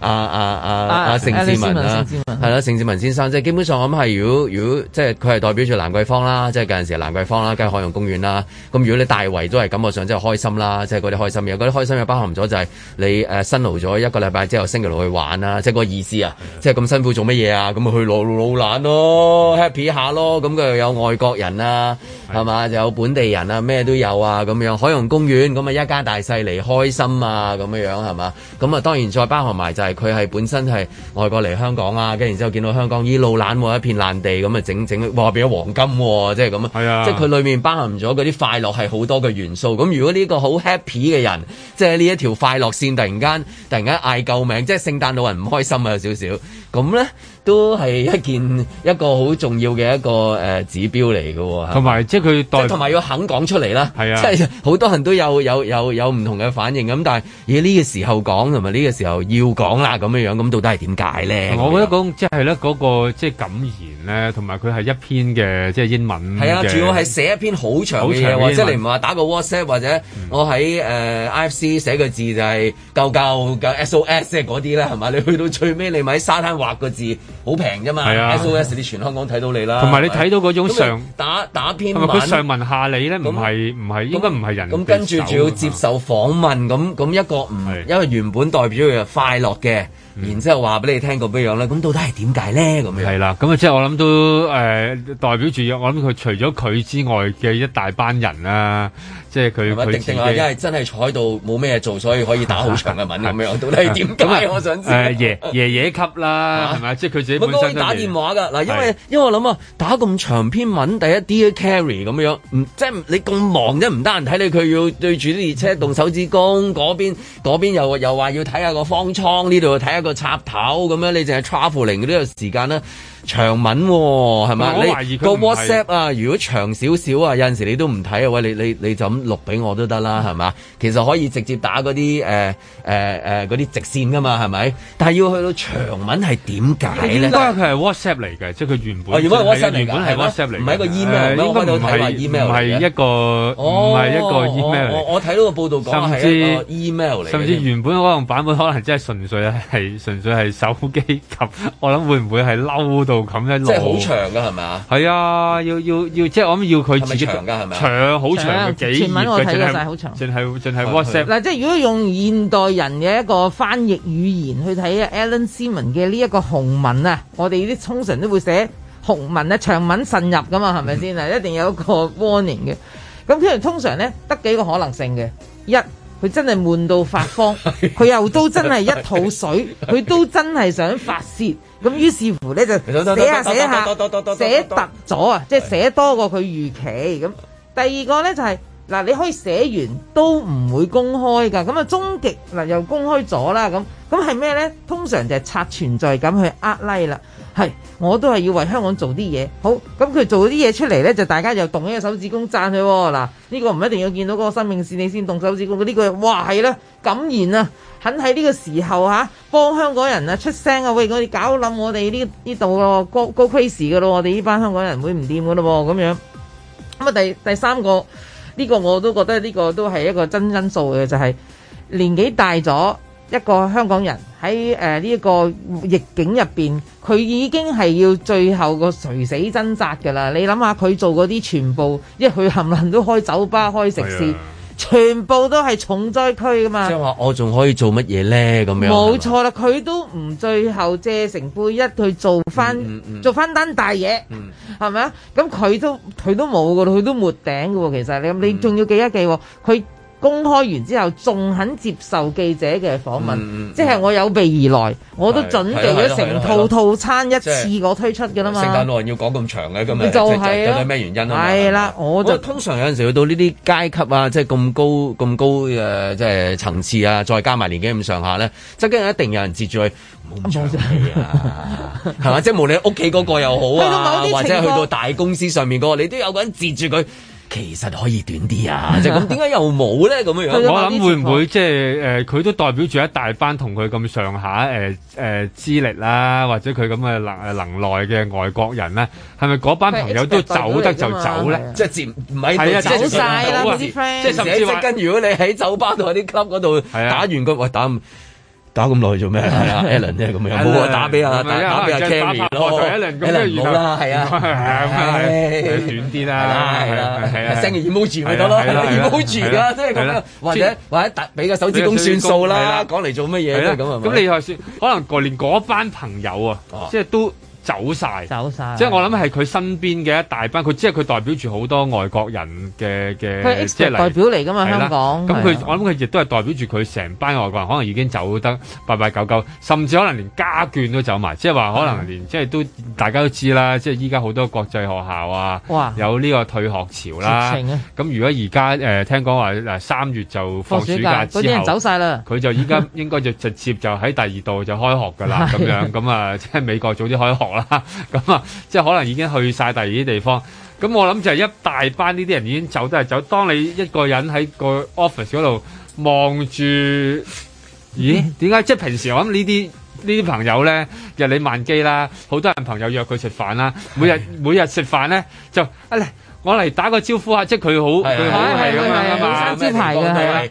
阿阿阿阿盛志文啦、啊，係 咯、啊，盛志文先生即係 基本上咁係，如果如果即係佢係代表住蘭桂坊啦，即係有陣時蘭桂坊啦，梗係海洋公園啦，咁如果你大圍都係感覺上即係開心啦，即係嗰啲開心嘅，嗰啲開心嘅包含咗就係你誒辛、呃、勞咗一個禮拜之後星期六去玩啦、啊，即係嗰意思啊！即係咁辛苦做乜嘢啊？咁去老老蘭咯，happy 下咯，咁佢又有外國人啊，係 嘛是吧？ 有本地人啊，咩都有啊，咁樣海洋。公園咁，啊一家大細嚟開心啊，咁樣樣係嘛？咁啊當然再包含埋就係佢係本身係外國嚟香港啊，跟住然之後見到香港依路懶喎一片爛地，咁啊整整嘩，變咗黃金喎，即係咁啊！即係佢、啊、裏面包含咗嗰啲快樂係好多嘅元素。咁如果呢個好 happy 嘅人，即係呢一條快樂線突，突然間突然間嗌救命，即係聖誕老人唔開心啊有少少。咁咧都係一件一個好重要嘅一個誒指標嚟嘅，同埋即係佢同埋要肯講出嚟啦。係啊，即係好多人都有有有有唔同嘅反應，咁，但係而呢個時候講同埋呢個時候要講啦咁樣樣咁到底係點解咧？我覺得講即係咧嗰個即係感言咧，同埋佢係一篇嘅即係英文。係啊，主要係寫一篇好長嘅，即係你唔話打個 WhatsApp 或者我喺誒、嗯呃、IFC 寫個字就係夠夠夠 SOS 嘅嗰啲呢，係嘛？你去到最尾你咪喺沙灘。畫個字好平啫嘛，啊、SOS 你全香港睇到你啦，同埋你睇到嗰種上打打篇文，佢上文下理咧，唔係唔係應該唔係人。咁跟住仲要接受訪問，咁，啊、咁一個唔係，因為原本代表佢係快樂嘅。然之後話俾你聽咁樣樣啦，咁到底係點解咧？咁樣係啦，咁啊即係我諗都誒、呃、代表住，我諗佢除咗佢之外嘅一大班人啊，即係佢佢正話而家係真係坐喺度冇咩做，所以可以打好長嘅文咁樣 到底係點解？我想知。爺爺爺級啦，係咪即係佢自己本身都打電話㗎嗱，因為因為我諗啊，打咁長篇文第一啲 Carrie 咁樣，即係你咁忙啫，唔得閒睇你佢要對住啲列車動手指公，嗰邊嗰邊又又話要睇下個方艙呢度睇下個。插頭咁樣，你淨係 charge 零，呢個時間咧。長文喎、哦，係嘛、嗯？我懷疑佢個 WhatsApp 啊，如果長少少啊，有陣時你都唔睇啊，喂，你你你就咁錄俾我都得啦，係嘛？其實可以直接打嗰啲誒誒誒嗰啲直線噶嘛，係咪？但係要去到長文係點解咧？應該佢係 WhatsApp 嚟嘅，即係佢原本。如果 WhatsApp 嚟嘅，原本係 WhatsApp 嚟，唔係一個 email。因為睇係 email 嚟唔係一個，唔、哦、係一個 email 我我睇到個報道講係一個 email 嚟。甚至原本可版本可能真係純粹係純粹係手機及 我諗會唔會係嬲。度冚一即係好長噶係咪啊？係啊，要要要，即係我諗要佢。自己好長噶係咪？長好長嘅幾頁，全文我睇晒好長，淨係淨係 WhatsApp。嗱、嗯，即係如果用現代人嘅一個翻譯語言去睇 Alan Simon 嘅呢一個紅文啊，我哋啲通常都會寫紅文啊，長文慎入噶嘛，係咪先啊？一定有一個 warning 嘅。咁譬如通常咧得幾個可能性嘅一。佢真係悶到發慌，佢 又都真係一肚水，佢 都真係想發泄，咁 於是乎呢，就寫下寫下， 寫突咗啊！即、就、係、是、寫多過佢預期咁。第二個呢、就是，就係嗱，你可以寫完都唔會公開噶，咁啊終極嗱又公開咗啦咁。咁係咩呢？通常就係刷存在感去呃拉啦。係，我都係要為香港做啲嘢。好，咁佢做啲嘢出嚟呢，就大家又動一個手指公讚佢、哦。嗱，呢個唔一定要見到嗰個生命線，你先動手指公。呢、呢個，哇，係啦、啊，敢言啊，肯喺呢個時候吓、啊、幫香港人啊出聲啊，喂，我哋搞諗，我哋呢呢度個高高 k 㗎 y 咯，我哋呢班香港人會唔掂噶咯咁樣。咁啊，第第三個呢、呢個我都覺得呢個都係一個真因素嘅，就係、是、年紀大咗。一個香港人喺呢一個逆境入面，佢已經係要最後個垂死掙扎㗎啦。你諗下佢做嗰啲全部，因為佢冚唪唥都開酒吧、開食肆，全部都係重災區㗎嘛。即係話我仲可以做乜嘢咧？咁樣冇錯啦，佢都唔最後借成背一去做翻、嗯嗯嗯、做翻單大嘢，係咪啊？咁佢都佢都冇㗎喇，佢都沒頂㗎喎。其實你你仲要記一記佢。嗯公開完之後，仲肯接受記者嘅訪問，嗯、即係我有備而來，我都準備咗成套套餐一次過推出嘅啦嘛。聖誕老人要講咁長嘅，咁你做係有啲咩原因啊？係啦，我就通常有陣時去到呢啲階級啊，即係咁高咁高嘅即係層次啊，再加埋年紀咁上下咧，即係一定有人截住佢。唔裝氣啊，係、啊、嘛、 啊？即係無論屋企嗰個又好啊，或者去到大公司上面嗰個，你都有個人截住佢。其實可以短啲啊！ 會會即係咁點解又冇咧？咁樣我諗會唔會即係佢都代表住一大班同佢咁上下誒誒、呃呃、資歷啦，或者佢咁嘅能能耐嘅外國人咧，係咪嗰班朋友都走得就走咧？即係漸唔係走晒啦，即係甚至跟如果你喺酒吧度啲 club 嗰度打完局、那個，喂、哎、打。打咁耐做咩？係啊，Alan 即係咁樣，冇話打俾阿，打俾阿 Kenny 咯。Alan，Alan 啦，係啊，係啊，係短啲啦，係啊，係啊，send 個 emoji 咪得咯，emoji 㗎，即係咁樣，或者或者打俾個手指公算數啦，講嚟做乜嘢都係咁啊嘛。咁你話算，可能過年嗰班朋友啊，即係都。走晒，走晒即係我諗係佢身邊嘅一大班，佢即係佢代表住好多外國人嘅嘅，即係代表嚟㗎嘛，就是香港，咁佢我諗佢亦都係代表住佢成班外國人，可能已經走得八八九九，甚至可能連家眷都走埋，即係話可能連是即係都大家都知啦。即係依家好多國際學校啊，哇有呢個退學潮啦。咁、啊、如果而家誒聽講話三月就放暑假之後暑假嗰啲人走晒啦，佢就依家應該就直接就喺第二度就開學㗎啦。咁 樣咁啊，即係美國早啲開學。啦，咁啊，即係可能已經去晒第二啲地方。咁我諗就係一大班呢啲人已經走都係走。當你一個人喺個 office 嗰度望住，咦？點解即係平時我諗呢啲呢啲朋友咧日理萬機啦，好多人朋友約佢食飯啦，每日每日食飯咧就，誒、哎，我嚟打個招呼啊！即係佢好，佢好係咁嘛，三招牌啊，係。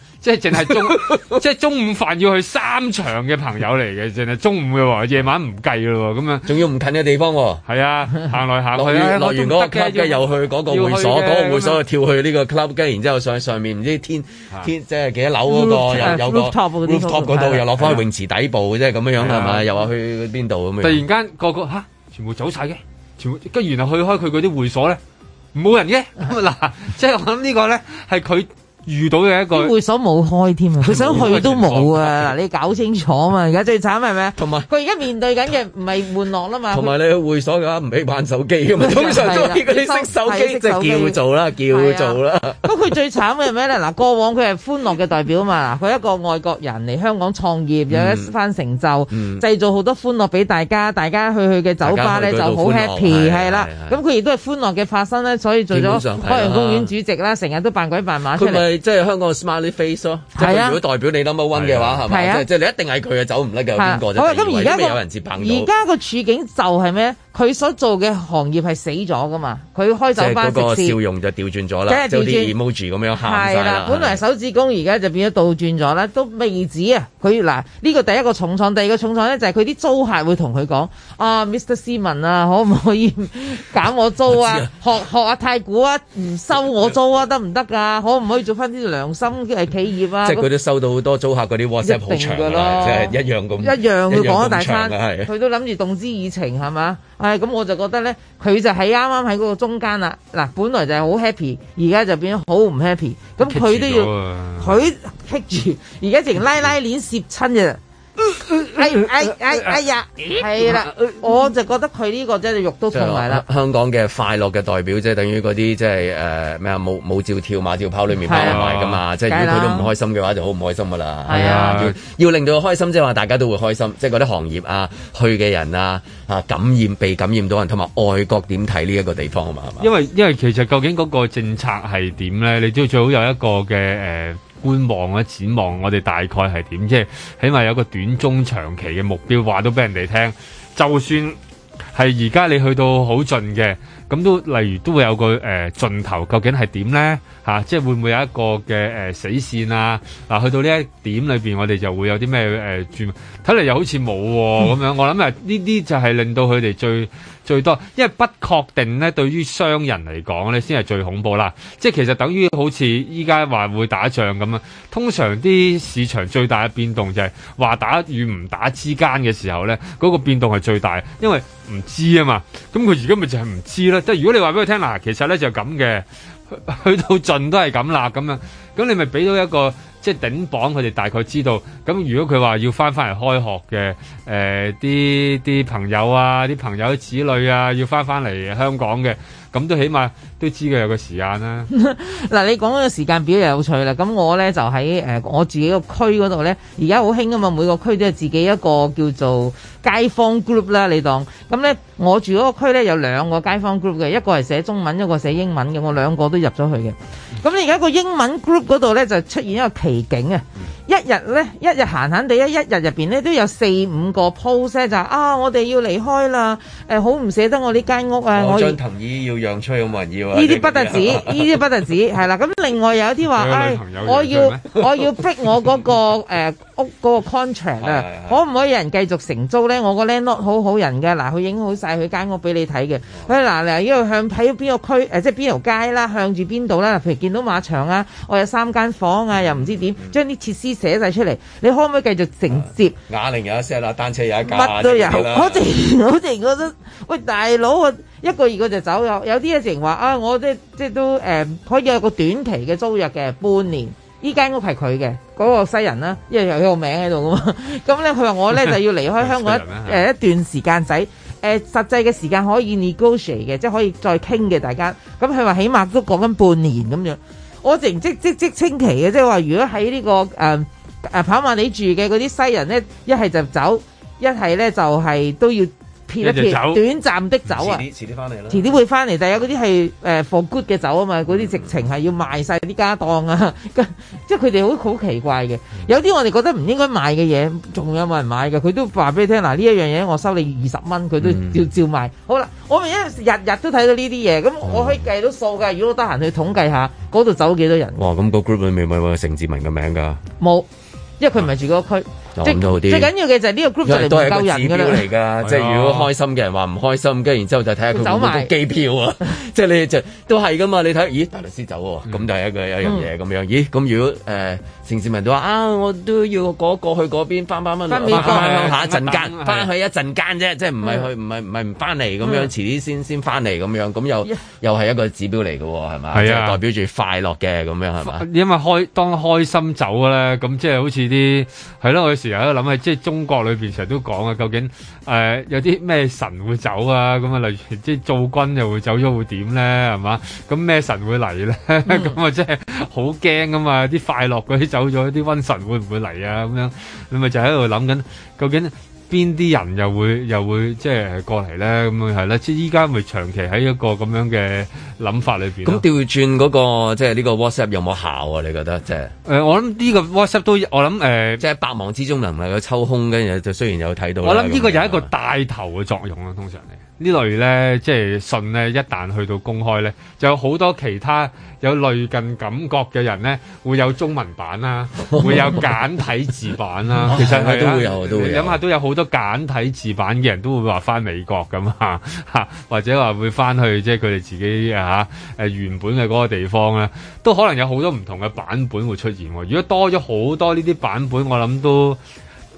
即係淨係中， 即係中午飯要去三場嘅朋友嚟嘅，淨係中午嘅喎，夜晚唔計咯喎，咁樣。仲要唔近嘅地方喎。係啊，啊走來走去啊 行來行落完落完嗰 club，跟住又去嗰個會所，嗰、嗰個會所又、嗰個、跳去呢個 club，跟住然之後上上面唔知天、啊、天即係幾樓嗰個又又個。roof top roof top 嗰度又落返去泳池底部，即係咁樣又話、啊啊、去邊度咁樣、啊？突然間個個吓全部走曬嘅，全部跟住原來去開佢嗰啲會所咧，冇人嘅咁嗱，即、啊、係 我諗呢個咧係佢。遇到嘅一個，會所冇開添啊！佢想去都冇啊！嗱，你搞清楚啊嘛！而家最慘係咩？同埋佢而家面對緊嘅唔係玩樂啦嘛，同埋你會所嘅話唔俾玩手機咁嘛，通常都係嗰啲識手機就叫做啦，叫做啦。咁佢最慘嘅係咩咧？嗱， 過往佢係歡樂嘅代表嘛，佢一個外國人嚟 香港創業有一番成就，嗯嗯、製造好多歡樂俾大家，大家去佢嘅酒吧咧就好 happy 係啦。咁佢亦都係歡樂嘅發生咧，所以做咗海洋公園主席啦，成、啊、日、啊、都扮鬼扮馬出嚟。你即係香港嘅 smiley face 咯、哦啊，即係如果代表你 number one 嘅話，係咪、啊啊？即係你一定係佢嘅走唔甩嘅邊個就？我咁而家個而家個處境就係咩？佢所做嘅行業係死咗㗎嘛？佢開走翻食嗰個笑容就掉轉咗啦。即係 emoji 咁樣行曬啦。係啦，本來手指公而家就變咗倒轉咗啦，都未止啊！佢嗱呢個第一個重創，第二個重創咧就係佢啲租客會同佢講：啊，Mr. Simon 啊， 可唔可以減我租啊？學學啊，學學太古啊，唔收我租啊，得唔得啊？ 可唔可以做翻啲良心嘅企業啊？即係佢都收到好多租客嗰啲 WhatsApp 好長啦，即係一樣咁一樣佢講啊，大餐，佢都諗住動之以情係嘛？係、哎、咁，我就覺得呢，佢就喺啱啱喺嗰個中間啦。嗱，本來就係好 happy，而家就變咗好唔 happy。咁佢都要佢棘住，住，而家成拉拉鏈攝親嘅。哎哎哎呀，係啦，我就覺得佢呢個真係肉都痛埋啦。香港嘅快樂嘅代表，即係等於嗰啲即係誒咩啊，舞照跳，馬照跑，裏面包埋埋噶嘛。即係如果佢都唔開心嘅話，就好唔開心噶啦。係啊，要令到佢開心，即係話大家都會開心，即係嗰啲行業啊，去嘅人啊，吓、啊、感染被感染到人，同埋外國點睇呢一個地方啊嘛。因為因為其實究竟嗰個政策係點咧？你最最好有一個嘅、誒。呃觀望啊，展望，我哋大概係點？即係起碼有個短、中、長期嘅目標話到俾人哋聽。就算係而家你去到好盡嘅，咁都例如都會有個誒、呃、盡頭，究竟係點咧？即係會唔會有一個嘅、呃、死線啊？嗱、啊，去到呢一點裏面，我哋就會有啲咩誒轉？睇嚟又好似冇咁樣。我諗啊，呢啲就係令到佢哋最最多，因為不確定咧，對於商人嚟講咧，先係最恐怖啦。即係其實等於好似依家話會打仗咁啊。通常啲市場最大嘅變動就係話打與唔打之間嘅時候咧，嗰個變動係最大，因為唔知啊嘛。咁佢而家咪就係唔知咯。即係如果你話俾佢聽嗱，其實咧就咁嘅，去到盡都係咁啦，咁樣咁你咪俾到一個即係、就是、頂榜，佢哋大概知道。咁如果佢話要翻翻嚟開學嘅，誒啲啲朋友啊，啲朋友子女啊，要翻翻嚟香港嘅。咁都起碼都知佢有個時間啦。嗱，你講個時間表又有趣啦。咁我呢，就喺我自己個區嗰度呢。而家好興啊嘛。每個區都有自己一個叫做街坊 group 啦，你當。咁呢，我住嗰個區呢，有兩個街坊 group 嘅，一個係寫中文，一個寫英文嘅。我兩個都入咗去嘅。咁你而家個英文 group 嗰度呢，就出現一個奇景啊！一日咧，一日閒閒地一一日入面咧，都有四五個 pose 就啊，我哋要離開啦，好、呃、唔捨得我呢間屋啊！哦、我張藤椅要讓出去，有冇人要啊？呢啲不得止，呢 啲不得止，係 啦。咁另外有啲話，誒、哎，我要我要逼我嗰、嗰個、呃 嗰、那個 contract 啊，是是是可唔可以有人繼續承租咧？我個 landlord 好好人嘅，嗱佢影好晒佢間屋俾你睇嘅。佢嗱嚟呢度向喺邊個區？誒、呃、即係邊條街啦，向住邊度啦？譬如見到馬場啊，我有三間房啊，嗯、又唔知點將啲設施寫晒出嚟。你可唔可以繼續承接？啞鈴有一 set 啦，單車有一架乜都有。我直我直覺得，喂大佬啊，一個二個就走咗。有啲嘢直話啊，我即係即都、呃、可以有個短期嘅租約嘅半年。呢間屋係佢嘅，嗰、那個西人啦，因為有呢個名喺度噶嘛。咁咧佢話我咧就要離開香港一、 呃、一段時間仔，誒、呃、實際嘅時間可以 negotiate 嘅，即係可以再傾嘅，大家。咁佢話起碼都講緊半年咁樣。我直唔即即即清奇嘅，即係話如果喺呢、這個誒、呃、跑馬地住嘅嗰啲西人咧，一係就走，一係咧就係、是、都要。撇一，撇一短暫的走啊！遲啲，遲啲翻嚟啦。遲啲會翻嚟，但有嗰啲係誒 for good 嘅走啊嘛，嗰啲直情係要賣晒啲家當啊！即係佢哋好好奇怪嘅、嗯，有啲我哋覺得唔應該賣嘅嘢，仲有冇人買嘅？佢都話俾你聽，嗱、啊、呢一樣嘢我收你二十蚊，佢都要照、嗯、照賣。好啦，我咪一日日都睇到呢啲嘢，咁我可以計到數㗎。如果我得閒去統計下，嗰度走幾多人？哇！咁、嗯那個 group 裏面有冇成志民嘅名㗎？冇，因為佢唔係住嗰區。啊好啲，最緊要嘅就係呢個 group 就嚟多一個人㗎，即係如果開心嘅人話唔開心，跟住然之後就睇下佢會唔會機票啊？即係呢就都係㗎嘛？你睇咦大律師走喎，咁、嗯、就係一個一樣嘢咁樣。咦咁如果誒城市民都話啊，我都要過去過去嗰邊翻翻翻嚟翻翻下一陣間，翻、嗯、去一陣間啫、嗯，即係唔係去唔係唔係唔翻嚟咁樣，嗯、遲啲先先翻嚟咁樣，咁又、嗯、又係一個指標嚟㗎喎，係嘛？係啊，就是、代表住快樂嘅咁樣係嘛？因為開當開心走咧，咁即係好似啲係咯成日喺度諗啊，即係中國裏邊成日都講啊，究竟誒、呃、有啲咩神會走啊？咁啊，例如即係灶君又會走咗會點咧？係、mm-hmm. 嘛？咁咩神會嚟咧？咁啊，即係好驚噶嘛？啲快樂嗰啲走咗，啲瘟神會唔會嚟啊？咁樣你咪就喺度諗緊究竟？邊啲人又會又會即係過嚟咧？咁會係啦，即係依家咪長期喺一個咁樣嘅諗法裏邊。咁調轉嗰、那個即係呢個 WhatsApp 有冇效啊？你覺得即係？誒、就是呃，我諗呢個 WhatsApp 都我諗誒，即係百忙之中能夠抽空跟住，就雖然有睇到。我諗呢個有一個帶頭嘅作用咯、啊，通常咧。呢類呢，即係信呢，一旦去到公開呢，就有好多其他有類近感覺嘅人呢，會有中文版啦、啊， 會有簡體字版啦、啊。 其實都有，諗下都有好多簡體字版嘅人都會話翻美國咁、 嚇、啊，或者話會翻去即係佢哋自己啊、誒、原本嘅嗰個地方啦，都可能有好多唔同嘅版本會出現。如果多咗好多呢啲版本，我諗都。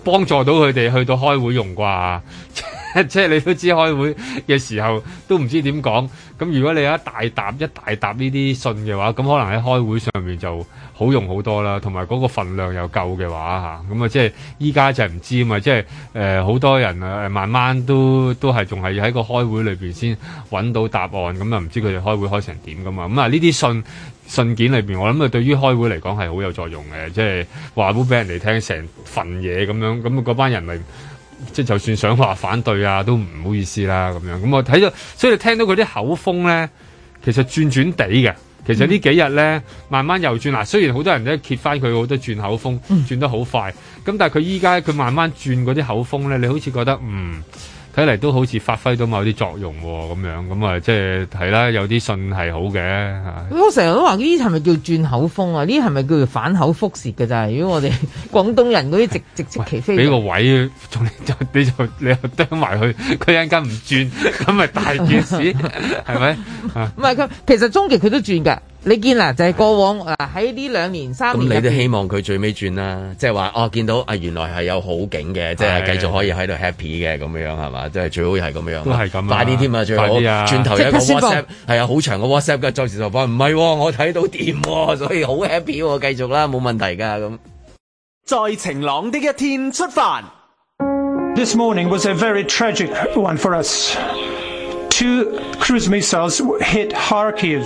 幫助到佢哋去到開會用啩，即係 你都知開會嘅時候都唔知點講。咁如果你有一大沓一大沓呢啲信嘅話，咁可能喺開會上面就～好用好多啦，同埋嗰個份量又夠嘅話吓，咁啊，即係依家就係唔知嘛，即係誒好多人啊，慢慢都都係仲係喺個開會裏邊先揾到答案，咁啊唔知佢哋開會開成點噶嘛，咁啊呢啲信信件裏邊，我諗啊對於開會嚟講係好有作用嘅，即係話好俾人哋聽成份嘢咁樣，咁嗰班人咪即係就算想話反對啊，都唔好意思啦咁樣，咁我睇咗，所以聽到佢啲口風咧，其實轉轉地嘅。其實幾呢幾日呢，慢慢又轉啦。雖然好多人揭都揭翻佢好多轉口風，轉得好快。咁、嗯、但係佢依家佢慢慢轉嗰啲口風呢，你好似覺得嗯。睇嚟都好似發揮到某啲作用喎，咁樣咁啊，即係係啦，有啲信係好嘅。我成日都話呢啲係咪叫轉口風啊？呢啲係咪叫做反口覆舌嘅咋？如 果我哋廣東人嗰啲直 直即其飛，俾個位，仲你就，你，就你又掹埋佢，佢一陣間唔轉，咁咪大件事係咪？唔係佢，其實終極佢都轉㗎。你見啦，就係、是、過往啊喺呢兩年三年咁，你都希望佢最尾轉啦，即係話哦，見到啊原來係有好景嘅，即係繼續可以喺度 happy 嘅咁樣，係嘛，即、就、係、是、最好係咁樣，不是樣啊、快啲添啊，最好轉、啊、頭有一個 WhatsApp，係、就是、啊，好長嘅 WhatsApp 再試就發，唔係，我睇到掂、啊，所以好 happy，繼、啊、續啦、啊，冇問題噶咁。在晴朗的一天出發。This morning was a very tragic one for us. Two cruise missiles hit Kharkiv.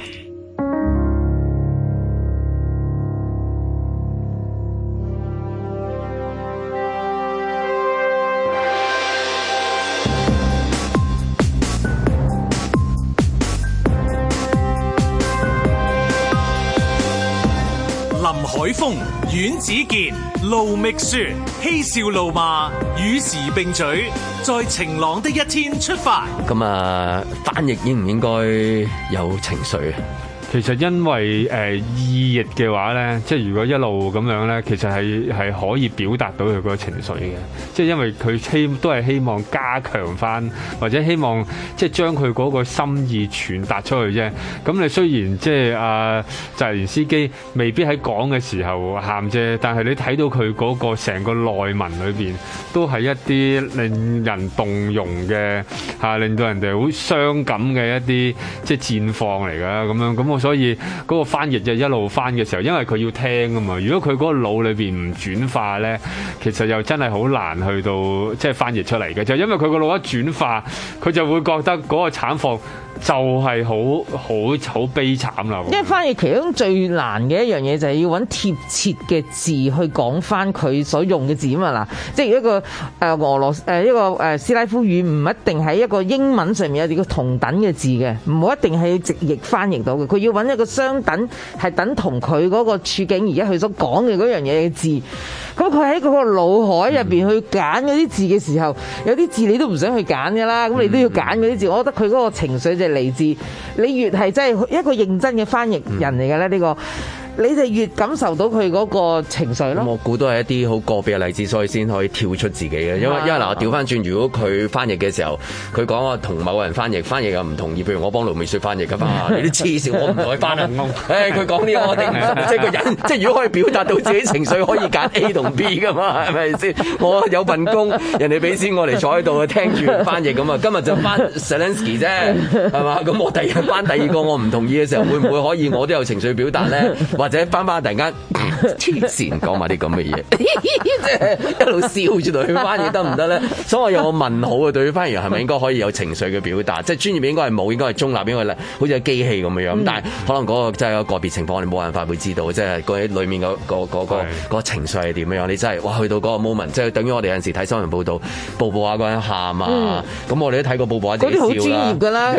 阮子健盧覓雪，嬉笑怒罵，與時並舉，在晴朗的一天出發。咁啊，翻譯應唔應該有情緒啊？其實因為誒意譯嘅話咧，即係如果一路咁樣咧，其實係係可以表達到佢個情緒嘅，即係因為佢希都係希望加強翻，或者希望即係將佢嗰個心意傳達出去啫。咁你雖然即係啊，澤連斯基未必喺講嘅時候喊啫，但係你睇到佢嗰個成個內文裏邊，都係一啲令人動容嘅嚇、啊，令到人哋好傷感嘅一啲即係戰況嚟噶咁樣咁我。所以嗰個翻譯就一路翻嘅時候，因為佢要聽啊嘛。如果佢嗰個腦裏面唔轉化呢，其實又真係好難去到即係、就是、翻譯出嚟嘅。就因為佢個腦一轉化，佢就會覺得嗰個慘況。就係好好好悲慘啦！因為翻譯其中最難嘅一樣嘢就係要揾貼切嘅字去講翻佢所用嘅字啊嘛，即係一個誒、呃、俄羅斯、呃、一個、呃、斯拉夫語唔一定係一個英文上面有啲同等嘅字嘅，唔好一定係直譯翻譯到嘅，佢要揾一個相等係等同佢嗰個處境而家佢所講嘅嗰樣嘢嘅字。咁佢喺佢個腦海入面去揀嗰啲字嘅時候，嗯、有啲字你都唔想去揀㗎啦。咁你都要揀嗰啲字，我覺得佢嗰個情緒就嚟自你越係真係一個認真嘅翻譯人嚟㗎咧呢個。你哋越感受到佢嗰個情緒咯，我估都係一啲好個別嘅例子，所以先可以跳出自己嘅。因為因為嗱，我調翻轉，如果佢翻譯嘅時候，佢講我同某個人翻譯，翻譯又唔同意。譬如我幫盧美雪翻譯噶嘛、啊，你啲黐線，我唔同佢翻。佢講呢個我頂唔順，即係個人。即係如果可以表達到自己情緒，可以揀 A 同 B 噶嘛，係咪先？我有份工，人哋俾先我嚟坐喺度聽住翻譯咁啊。今日就翻 Zelensky 啫，係嘛？咁我第日翻第二個我唔同意嘅時候，會唔會可以我都有情緒表達咧？或者翻翻突然間黐線講埋啲咁嘅嘢，一路笑住對翻，得唔得呢？所以我有個問號啊，對翻嚟係咪應該可以有情緒嘅表達？即係專業應該係冇，應該係中立，應該係好似係機器咁樣。嗯、但係可能嗰、嗰個真係個別情況，你冇辦法會知道即係嗰啲裡面嗰、嗰個嗰個嗰個嗰個情緒係點樣你真係哇，去到嗰個 moment，即係等於我哋有陣時睇新聞報道，報報下個人喊啊，咁、嗯、我哋都睇過報報下笑、嗯、專業啦，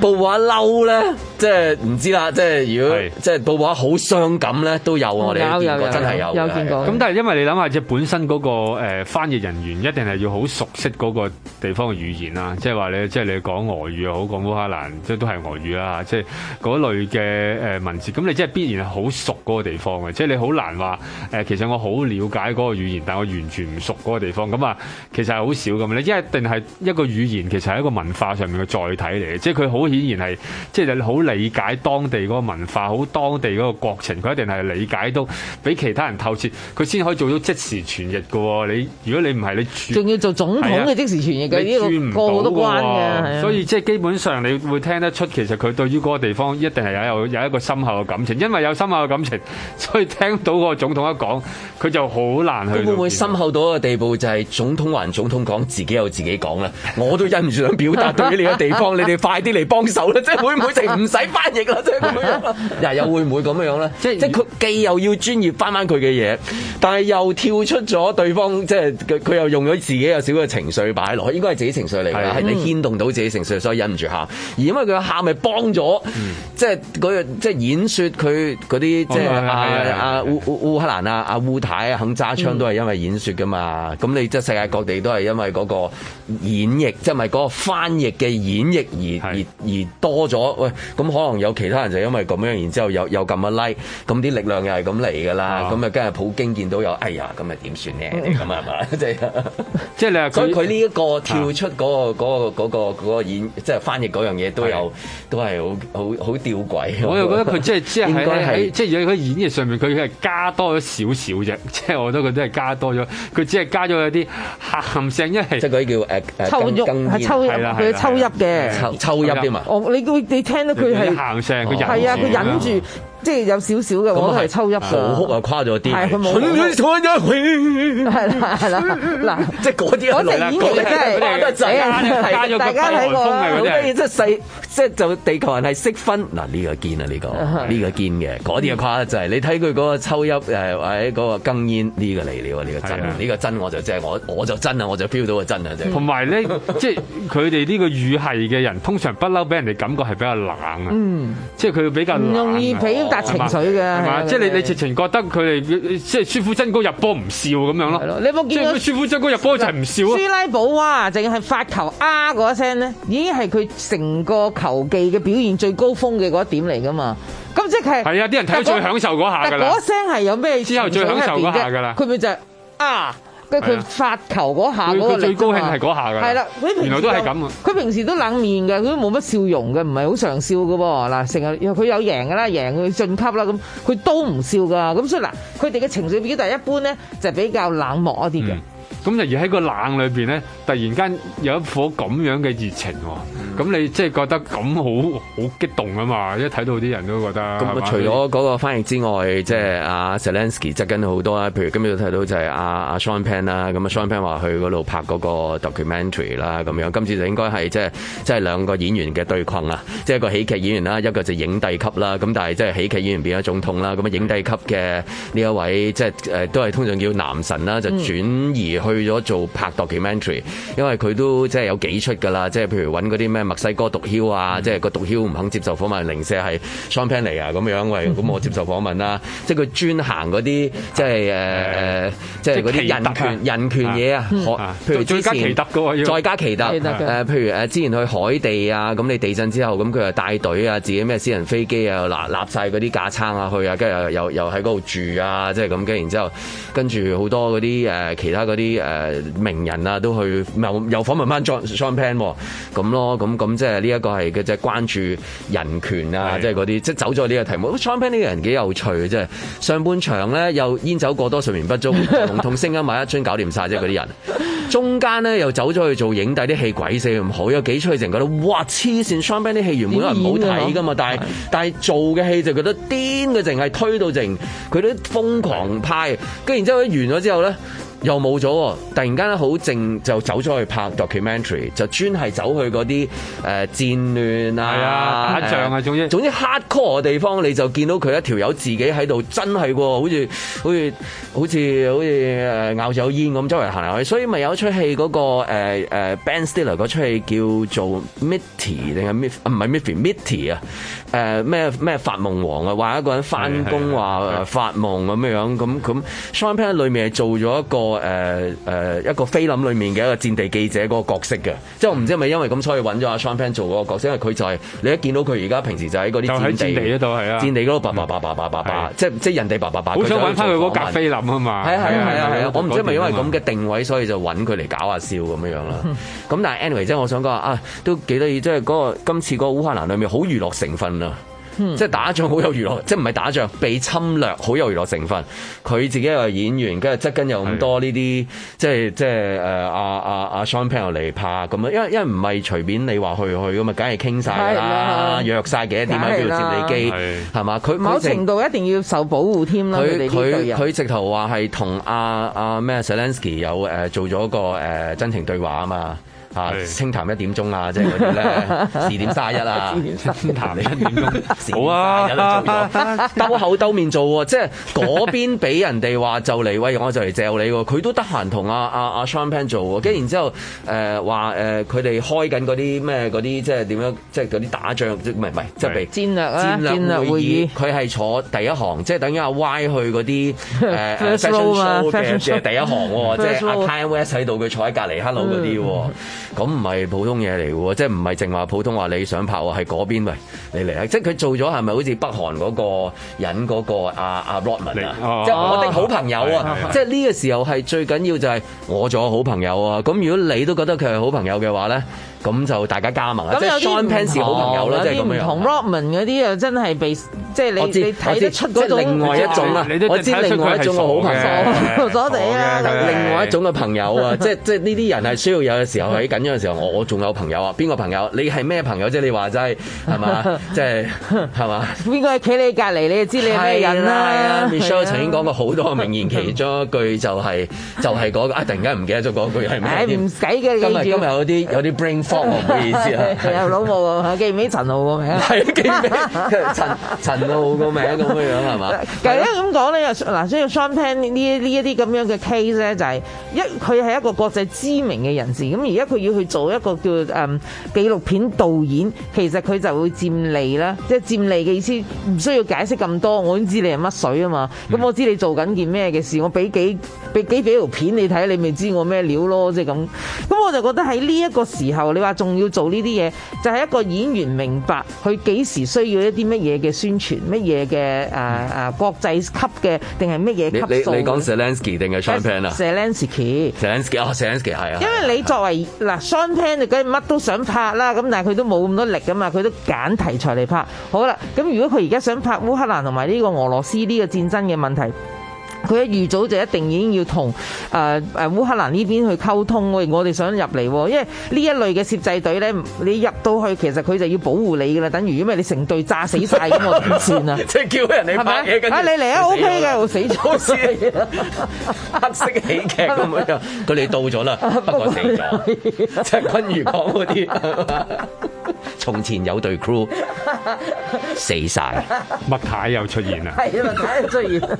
報報下嬲啦，即係。唔知啦，即係如果即係到話好傷感咧，都有我哋見過有有有真係有的。有見過。咁但係因為你諗下，即係本身嗰、嗰個誒、呃、翻譯人員一定係要好熟悉嗰個地方嘅語言啦，即係話你即係你講俄語又好，講烏克蘭即係都係俄語啦，即係嗰類嘅文字。咁你即係必然係好熟嗰個地方嘅，即係你好難話、呃、其實我好了解嗰個語言，但我完全唔熟嗰個地方。咁啊，其實係好少咁樣。你一定係一個語言，其實係一個文化上面嘅載體嚟嘅，即係佢好顯然係即你好理解解當地嗰個文化，好當地嗰個國情，佢一定係理解到比其他人透徹，佢先可以做到即時傳譯嘅。你如果你唔係，你仲要做總統嘅即時傳譯嘅，要、啊這個、過好多關嘅。所以即係基本上你會聽得出，其實佢對於嗰個地方一定係有有一個深厚嘅感情，因為有深厚嘅感情，所以聽到個總統一講，佢就好難去。會唔會深厚到一個地步，就係總統還總統講，自己有自己講啦？我都忍唔住想表達，對於你嘅地方， 你哋快啲嚟幫手啦！即係會唔會成唔使返？ 即係咁樣佢又會唔會咁樣樣咧？即即係佢既又要專業翻翻佢嘅嘢，但係又跳出咗對方，即係佢又用咗自己有少少情緒擺落去，應該係自己的情緒嚟㗎。係、啊、你牽動到自己情緒，所以忍唔住喊。而因為佢喊咪幫咗，即係嗰即係演說佢嗰啲，即係阿阿烏烏克蘭啊，阿、嗯、烏太啊，肯揸槍都係因為演說㗎嘛。咁、嗯、你即係世界各地都係因為嗰個演繹，即係咪個翻譯嘅演繹而、啊、而而多咗？喂，咁可能。有其他人就因為咁樣，然之後又又撳一 like，咁啲力量又係咁嚟噶啦，咁啊，梗係普京見到有，哎呀，咁啊點算呢？咁啊嘛，即係即係你話佢呢一個跳出嗰、嗰個啊嗰個嗰個嗰個演，即係翻譯嗰樣嘢都有，是都係好好好吊詭。我又覺得佢即係即係喺即演繹上面，佢係加多咗少少啫。即係我都覺得係加多咗，佢只係加咗一啲喊聲，即係佢叫誒抽抽泣佢抽泣嘅抽泣添嘛。你、啊、你聽到佢係佢忍住。哦，佢忍住。即、就、係、是、有少少嘅，我係抽泣嘅。冇哭啊，誇咗啲。蠢蠢係啦。嗱，蜂蜂蜂蜂呃、 即係嗰啲。嗰條真係大家睇過啦，好即係細，即係就是、地球人係識分嗱呢個堅啊，呢個呢個堅嘅，嗰啲誒誇得滯。你睇佢嗰個抽泣誒，喺嗰、那個更煙呢、這個嚟料，呢、這個真，呢、這個真我就即係我我就真啊，我就 feel 到真、嗯、 他個真啊。同埋咧，即係佢哋呢個語系嘅人，通常不嬲俾人哋感覺係比較冷啊。即係佢比較容易俾。情緒嘅，啊、即係你你直情覺得佢哋即係舒夫真高入波唔笑咁樣咯。你有冇見到舒夫真高入波就唔笑啊？舒拉寶娃，淨係發球啊嗰聲咧，已經係佢成個球技嘅表現最高峰嘅嗰一點嚟噶嘛？咁即係係啊！啲人睇到最享受嗰下噶啦。嗰聲係有咩意思？之後最享受嗰下噶啦，佢咪就係啊。即係佢發球嗰下嗰個最高興係嗰下㗎，係啦，原來都係咁。佢平時都冷面嘅，佢都冇乜笑容嘅，唔係好常笑㗎喎。嗱，成日佢有贏㗎啦，贏佢進級啦咁，佢都唔笑噶。咁所以嗱，佢哋嘅情緒表達一般咧，就比較冷漠一啲嘅。咁、嗯、就而喺個冷裏面咧，突然間有一顆咁樣嘅熱情。咁你即係覺得咁好好激動啊嘛！一睇到啲人都覺得咁啊！除咗嗰個翻譯之外，即係、mm-hmm. 啊 Zelensky 執緊好多啦。譬如今日睇到就係阿、啊、阿、啊、Sean Penn 啦、啊，咁阿 Sean Penn 話去嗰度拍嗰個 documentary 啦，咁樣今次就應該係即係即係兩個演員嘅對抗啊！即係一個喜劇演員啦，一個就影帝級啦。咁但係即係喜劇演員變咗總統啦，咁、mm-hmm. 啊影帝級嘅呢一位即係誒都係通常叫男神啦，就轉移去咗做拍 documentary，、mm-hmm. 因為佢都即係有幾出噶啦，即係譬如揾啲咩？墨西哥毒梟啊，即係個毒梟唔肯接受訪問，零舍係 Sean Penn 嚟啊，咁樣喂，咁我接受訪問啦、啊。即係佢專行啲，即係誒誒即係啲人權、啊、人權嘢啊，啊，譬如之前再加奇特嘅，譬如誒之前去海地啊，咁你地震之後，咁佢又帶隊啊，自己咩私人飛機啊，嗱立晒啲架撐啊去啊，跟住又又又喺度住啊，即係咁，跟然之後跟住好多啲誒其他啲誒名人啊，都去又訪問翻 Sean Penn 咁咯，咁。咁即係呢一個係嘅，即係關注人權啊，即係嗰啲即係走咗呢個題目。Champion 呢個人幾有趣，即係上半場咧又煙酒過多、睡眠不足、喉痛、聲音咪一樽搞掂晒。即係嗰啲人。中間咧又走咗去做影帝，啲戲鬼死咁好，有幾吹成覺得哇黐線 Champion 啲戲員本人唔好睇噶嘛，但係但，但做嘅戲就覺得癲嘅，淨係推到淨、就、佢、是、都瘋狂派，跟住然後之後完咗之後咧。又冇咗，突然間咧好靜就走咗去拍 documentary，就專係走去嗰啲誒戰亂啊打仗啊，總之總之 hardcore 嘅地方，你就見到佢一條友自己喺度，真係喎、哦，好似好似好似好似誒、呃、咬住口煙咁，周圍行下去。所以咪有一出戲嗰個誒誒 Ben Stiller 嗰出戲叫做 Mitty 定係 M 唔係 Mitty Mitty 啊誒咩咩發夢王啊，話、呃、一個人翻工話發夢咁樣咁咁，Sean Penn 裏面係做咗一個。誒誒，一個菲林裏面嘅一個戰地記者嗰個角色嘅，即係我唔知係咪因為咁所以揾咗阿 Sean Pan 做嗰個角色，因為佢就係、是、你一見到佢而家平時就喺嗰啲就戰地嗰度係啊，戰地嗰度叭叭叭叭叭叭，即係即係人哋叭叭叭，好想揾翻佢嗰架菲林啊嘛，係啊係啊係啊，我唔知係咪因為咁嘅定位，所以就揾佢嚟搞下笑咁樣樣啦。咁但係 anyway，即係我想講啊，都幾得意，即係嗰、那個今次個烏克蘭裏面好娛樂成分啊。即係打仗好有娛樂，即係唔係打仗被侵略好有娛樂成分。佢自己又係演員，跟住側跟有咁多呢啲，是即係即係誒阿阿阿 Sean Penn 嚟拍咁啊！因為因為唔係隨便你話去去咁啊，梗係傾晒，啦，約曬幾點喺邊度接你機係嘛？佢某程度一定要受保護添啦。佢佢直頭話係同阿阿、啊、咩、啊、Zelensky 有誒、啊、做咗個誒、啊、真情對話啊嘛。清談一點鐘啊，即係嗰啲咧，二、就是、點三一啊， 清談一點鐘，好啊，兜口兜面做喎，即係嗰邊俾人哋話就嚟，喂，我就嚟借你喎，佢都得閒同阿阿阿 Sean Penn 做喎，跟 住樂、啊、然之後誒話誒，佢哋開緊嗰啲咩嗰啲，即係點樣，即係嗰啲打仗，即係唔係唔係，戰略啊，戰略會議，佢係坐第一行，即係等於阿 Y 去嗰啲誒， 啊、 show 第一行， 啊、即係阿 Kanye West 喺度，佢坐喺隔離，hello 嗰啲喎。咁唔係普通嘢嚟嘅喎，即係唔係淨話普通話你想炮啊，係嗰邊喂你嚟啊！即係佢做咗係咪好似北韓嗰個人嗰個阿阿羅曼啊？即係我哋好朋友啊！即係呢個時候係最緊要就係我做好朋友啊！咁如果你都覺得佢係好朋友嘅話咧，咁就大家加盟啦，即係 John p a n 是好朋友啦，即係咁樣。同 Robin 嗰啲又真係被，即係你自己睇得出另外一種啦。我知另外一種好朋友，傻地啊！ 另外一種嘅朋友啊， 即係即係呢啲人係需要有嘅時候喺緊張嘅時候，我仲有朋友啊。邊個朋友？你係咩朋友，即係你話真係係嘛？即係係嘛？ 就是、邊個企你隔離你就知你係咩人啦、啊啊啊？Michelle、啊、曾經講過好多名言，其中一句就係、是、就係、是、嗰、嗰個啊！突然間唔記得咗嗰句係咩？唔使嘅，今日今日有啲有啲 brain。 唔好意思啦，啊老母啊， 記唔起陳浩個 名？係記唔起陳陳浩個名咁嘅樣係嘛？而家咁講咧，嗱，所以 shopping 呢呢一啲咁樣嘅 case 咧，就係一佢係一個國際知名嘅人士，咁而家佢要去做一個叫誒紀錄片導演，其實佢就會佔利啦，即係佔利嘅意思，唔需要解釋咁多，我已經知你係乜水啊嘛，咁、嗯、我知你做緊件咩嘅事，我俾幾俾幾條片你睇，你咪知我咩料咯，即係咁。我就覺得喺呢一個時候，你話仲要做呢啲嘢，就係、是、一個演員明白佢幾時需要一啲乜嘢嘅宣傳，乜嘢嘅誒誒國際級嘅定係乜嘢級數。你講 Zelensky 定係 Sean Penn 啊？Zelensky，Zelensky。因為你作為嗱 Sean Penn 就梗係乜都想拍啦，咁但係佢都冇咁多力噶嘛，佢都揀題材嚟拍。好啦，咁如果佢而家想拍烏克蘭同埋呢個俄羅斯呢個戰爭嘅問題。佢一預早就一定已經要同烏克蘭呢邊去溝通，我哋想入嚟喎，因為呢一類嘅攝製隊咧，你入到去其實佢就要保護你噶啦，等於因為你成隊炸死晒咁，我哋唔算啦。即 叫人哋拍嘢跟住，你嚟啊 OK 嘅，我死咗先，好黑色喜劇咁樣。佢 哋到咗啦，不過死咗，即陳君如講嗰啲，從前有隊 crew 死晒。麥太又出現啦，係麥太又出現，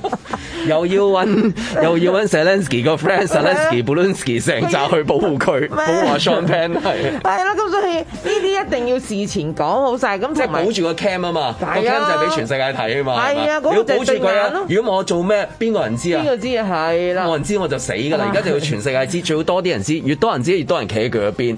又。 要揾又要揾 Selensky 個 friend，Selensky，Bolensky、啊、成紮、啊、去保護佢、啊，保護阿 Sean Penn 係。係啦、啊，咁、啊、所以呢啲一定要事前講好晒，咁即係保住個 cam 啊嘛，係啊，嗰個 cam 就俾全世界睇啊嘛。係啊，嗰、啊啊嗰個就對人咯、啊。如果我做咩，邊個人知啊？邊個知啊？係啦，冇人知我就死㗎啦。而家、啊、就要全世界知，最好多啲人知，越多人知越多人企喺佢嗰邊，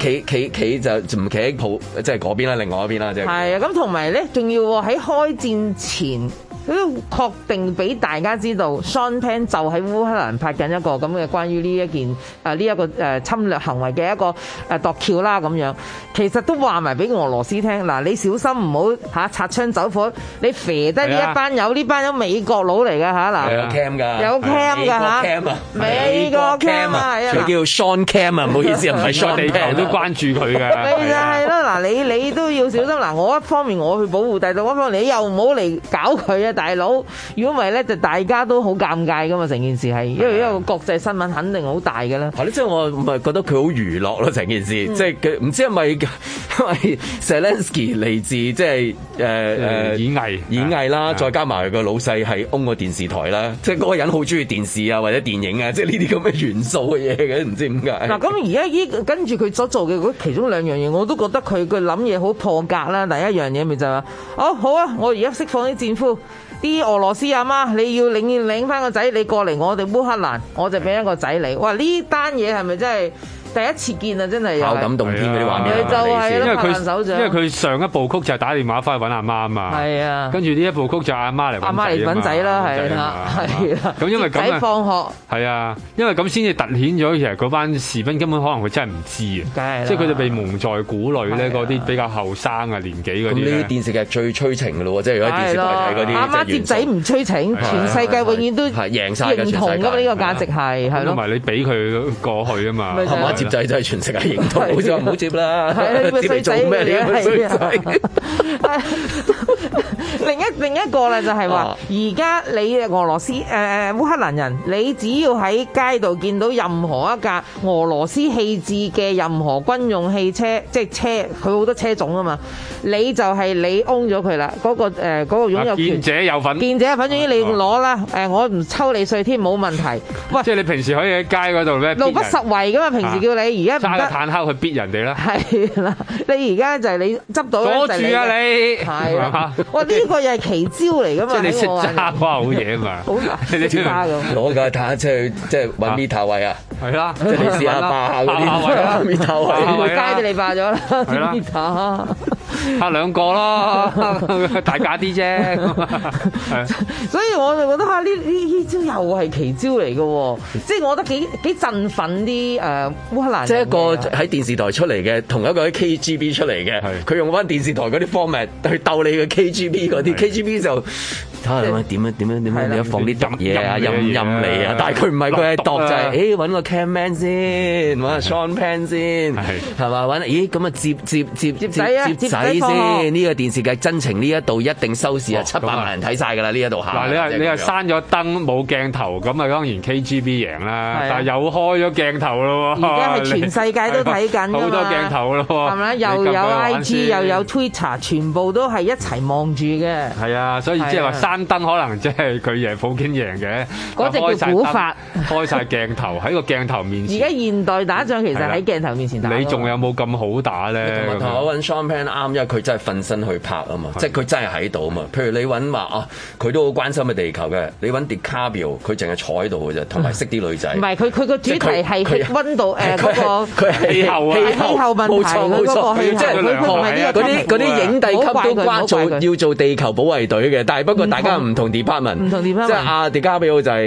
企企企企就唔企喺普，即係嗰邊啦，另外一邊啦，即係。係啊，咁同埋咧，仲要喺開戰前。都確定俾大家知道，Sean Penn 就喺烏克蘭拍緊一個咁嘅關於呢一件啊呢一、這個誒侵略行為嘅一個誒度竅啦咁樣，其實都話埋俾俄羅斯聽嗱，你小心唔好嚇擦槍走火，你肥得呢一班友呢班友美國佬嚟嘅吓，嗱、啊嗯，有 cam 噶，有 cam 噶嚇 cam 啊，美國 cam 啊，佢叫 Sean Cam 啊，唔、啊啊啊、 好意思唔係 Sean，你都關注佢嘅，咪就係咯嗱，你你都要小心嗱，我一方面我去保護，但係另一方面你又唔好嚟搞佢啊。大佬，如果唔係咧，就大家都好尷尬噶嘛。成件事係因為因個國際新聞肯定好大噶啦。係咧，即係我唔係覺得佢好娛樂咯，成件事即係佢唔知係咪因為 Zelensky 嚟自即係誒誒演藝演藝啦，再加埋個老細係 own 個電視台啦，即係嗰個人好中意電視啊或者電影啊，即係呢啲咁嘅元素嘅嘢嘅，唔知點解。嗱咁而家依跟住佢所做嘅其中兩樣嘢，我都覺得佢個諗嘢好破格啦。第一樣嘢咪就係話，哦好啊，我而家釋放啲戰俘。啲俄羅斯阿媽，你要領領翻個仔，你過嚟我哋烏克蘭，我就俾一個仔你。哇！呢單嘢係咪真係？第一次見啊，真係有感動添，嗰啲畫面，就係因為佢因為佢上一部曲就係打電話翻去揾阿媽啊嘛，係啊，跟住呢一部曲就阿媽嚟揾仔啦，係啦，係啦，咁因為咁啊，放學係啊，因為咁先至突顯咗其實嗰班士兵根本可能佢真係唔知啊，即係佢哋被蒙在鼓裏咧，嗰啲比較後生啊年紀嗰啲咧，電視劇最催情嘅咯喎，即係如果電視台睇嗰啲阿媽接仔唔催情、啊啊，全世界永遠都係、啊、贏曬唔同嘅呢個價值係係咯，唔係你俾佢過去啊嘛，接就係全世界認同，唔好再唔好接啦。接做咩？你衰仔。另一另一個咧就係話，而家你俄羅斯誒烏克蘭人，你只要喺街度見到任何一架俄羅斯製造嘅任何軍用汽車，即係車，佢好多車種啊嘛，你就係你 own 咗佢啦。嗰個誒嗰個擁有權者有份，見者有份。至於你攞啦，誒我唔抽你稅添，冇問題。喂，即係你平時可以喺街嗰度咩？路不拾遺㗎嘛，平時叫。你而家揸個坦克去逼人哋啦，係啦。你而家就係你執到你，攞住啊你！係、okay。哇！呢、呢個又係奇招嚟㗎嘛？即係你識揸花好嘢嘛？ 很大 你你專門攞架坦克出去即係揾咪錶位啊！係、啊、啦，即係你試下霸 下嗰啲咪錶位，啊 位啊、 街地你霸咗啦，咪錶。 拍兩個咯，大家啲啫。係 所以我就覺得嚇呢呢呢招又係奇招嚟嘅喎，即、就、係、是、我覺得幾幾振奮啲誒烏克蘭。即係一個喺電視台出嚟嘅，同一個喺 KGB 出嚟嘅，佢用翻電視台嗰啲 format 去鬥你嘅 KGB 嗰啲，KGB 就。睇下點樣點樣點樣你一放啲嘢啊飲，任唔任你啊飲？啊啊但係佢唔係佢係度就係、是，誒、哎、揾個 cameraman 先，揾個 shawn pan 先，係嘛？揾咦咁啊接接接接接仔先，呢、這個電視劇真情呢一度一定收視啊、哦，七百萬人睇晒㗎啦呢一度下。嗱、哦、你係、就是、你係閂咗燈冇鏡頭，咁啊當然 KGB 贏啦。但係有開咗鏡頭咯喎，而家係全世界都睇緊好多鏡頭咯，係咪又有 IG 又有 Twitter，全部都係一齊望住嘅。係啊，所以即係話單燈可能即係佢贏普京贏嘅，嗰、那、隻、個、叫古法，開晒鏡頭喺個 鏡頭面前。而家現代打仗其實喺鏡頭面前打。你仲有冇咁好打咧？同埋我揾 Sean Penn 啱，因為佢真係瞓身去拍啊嘛，即係佢真係喺度嘛。譬如你揾話佢都好關心嘅地球嘅。你揾 DiCaprio 佢淨係坐喺度嘅啫，同埋識啲女仔。唔係佢佢個主題係溫度嗰個，佢氣候啊氣候問題，冇錯冇錯，錯即係佢嗰啲嗰啲影帝級都關要做地球保衞隊嘅，但不過、嗯而家唔同 department，即係阿 DiCaprio 就係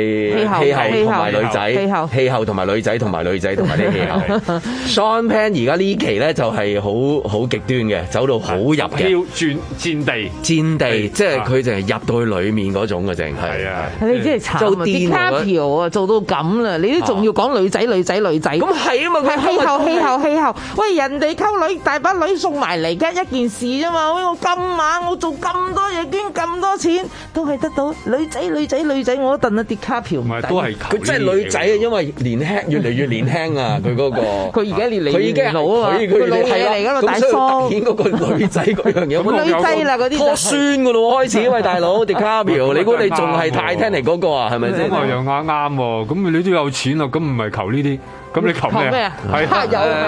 氣候同埋女仔，氣候同埋女仔，同埋女仔同埋啲氣候。Sean Penn 而家呢期咧就係好好極端嘅，走到好入嘅，要轉戰地，戰地，即係佢淨係入到去裡面嗰種嘅，淨係啊！你真係做 DiCaprio 啊，做到咁啦，你都仲要講女仔、女仔、女仔，咁係啊嘛！係氣候、氣候、氣候。喂，人哋溝女大把、啊、女送埋嚟，嘅一件事啫嘛。我咁晚，我做咁多嘢，捐咁多錢。都係得到女仔、女仔、女仔，我一頓啊迪卡票唔係，佢真係女仔啊、嗰個！因為年輕越嚟越年輕啊！佢 嗰、嗰個佢而家年你佢已經佢老係啊嚟噶啦，大叔演嗰個女仔嗰樣嘢，女仔啦嗰啲拖孫噶咯喎，開始喂大佬迪卡票， 哥 Dicapio， 你估你仲係泰坦尼嗰個啊？係咪先？咁又啱啱喎，咁你都有錢啊，咁唔係求呢啲。咁 uesta 你求咩啊？係啊，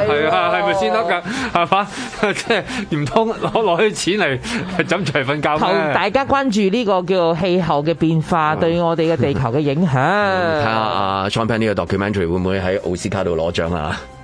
係啊，係咪先得噶？係嘛，是是 即係唔通攞攞去錢嚟枕住瞓覺咩？大家關注呢個叫做氣候嘅變化對我哋嘅地球嘅影響。睇下阿 Sean Penn 呢個 documentary 會唔會喺奧斯，斯卡度攞獎啊？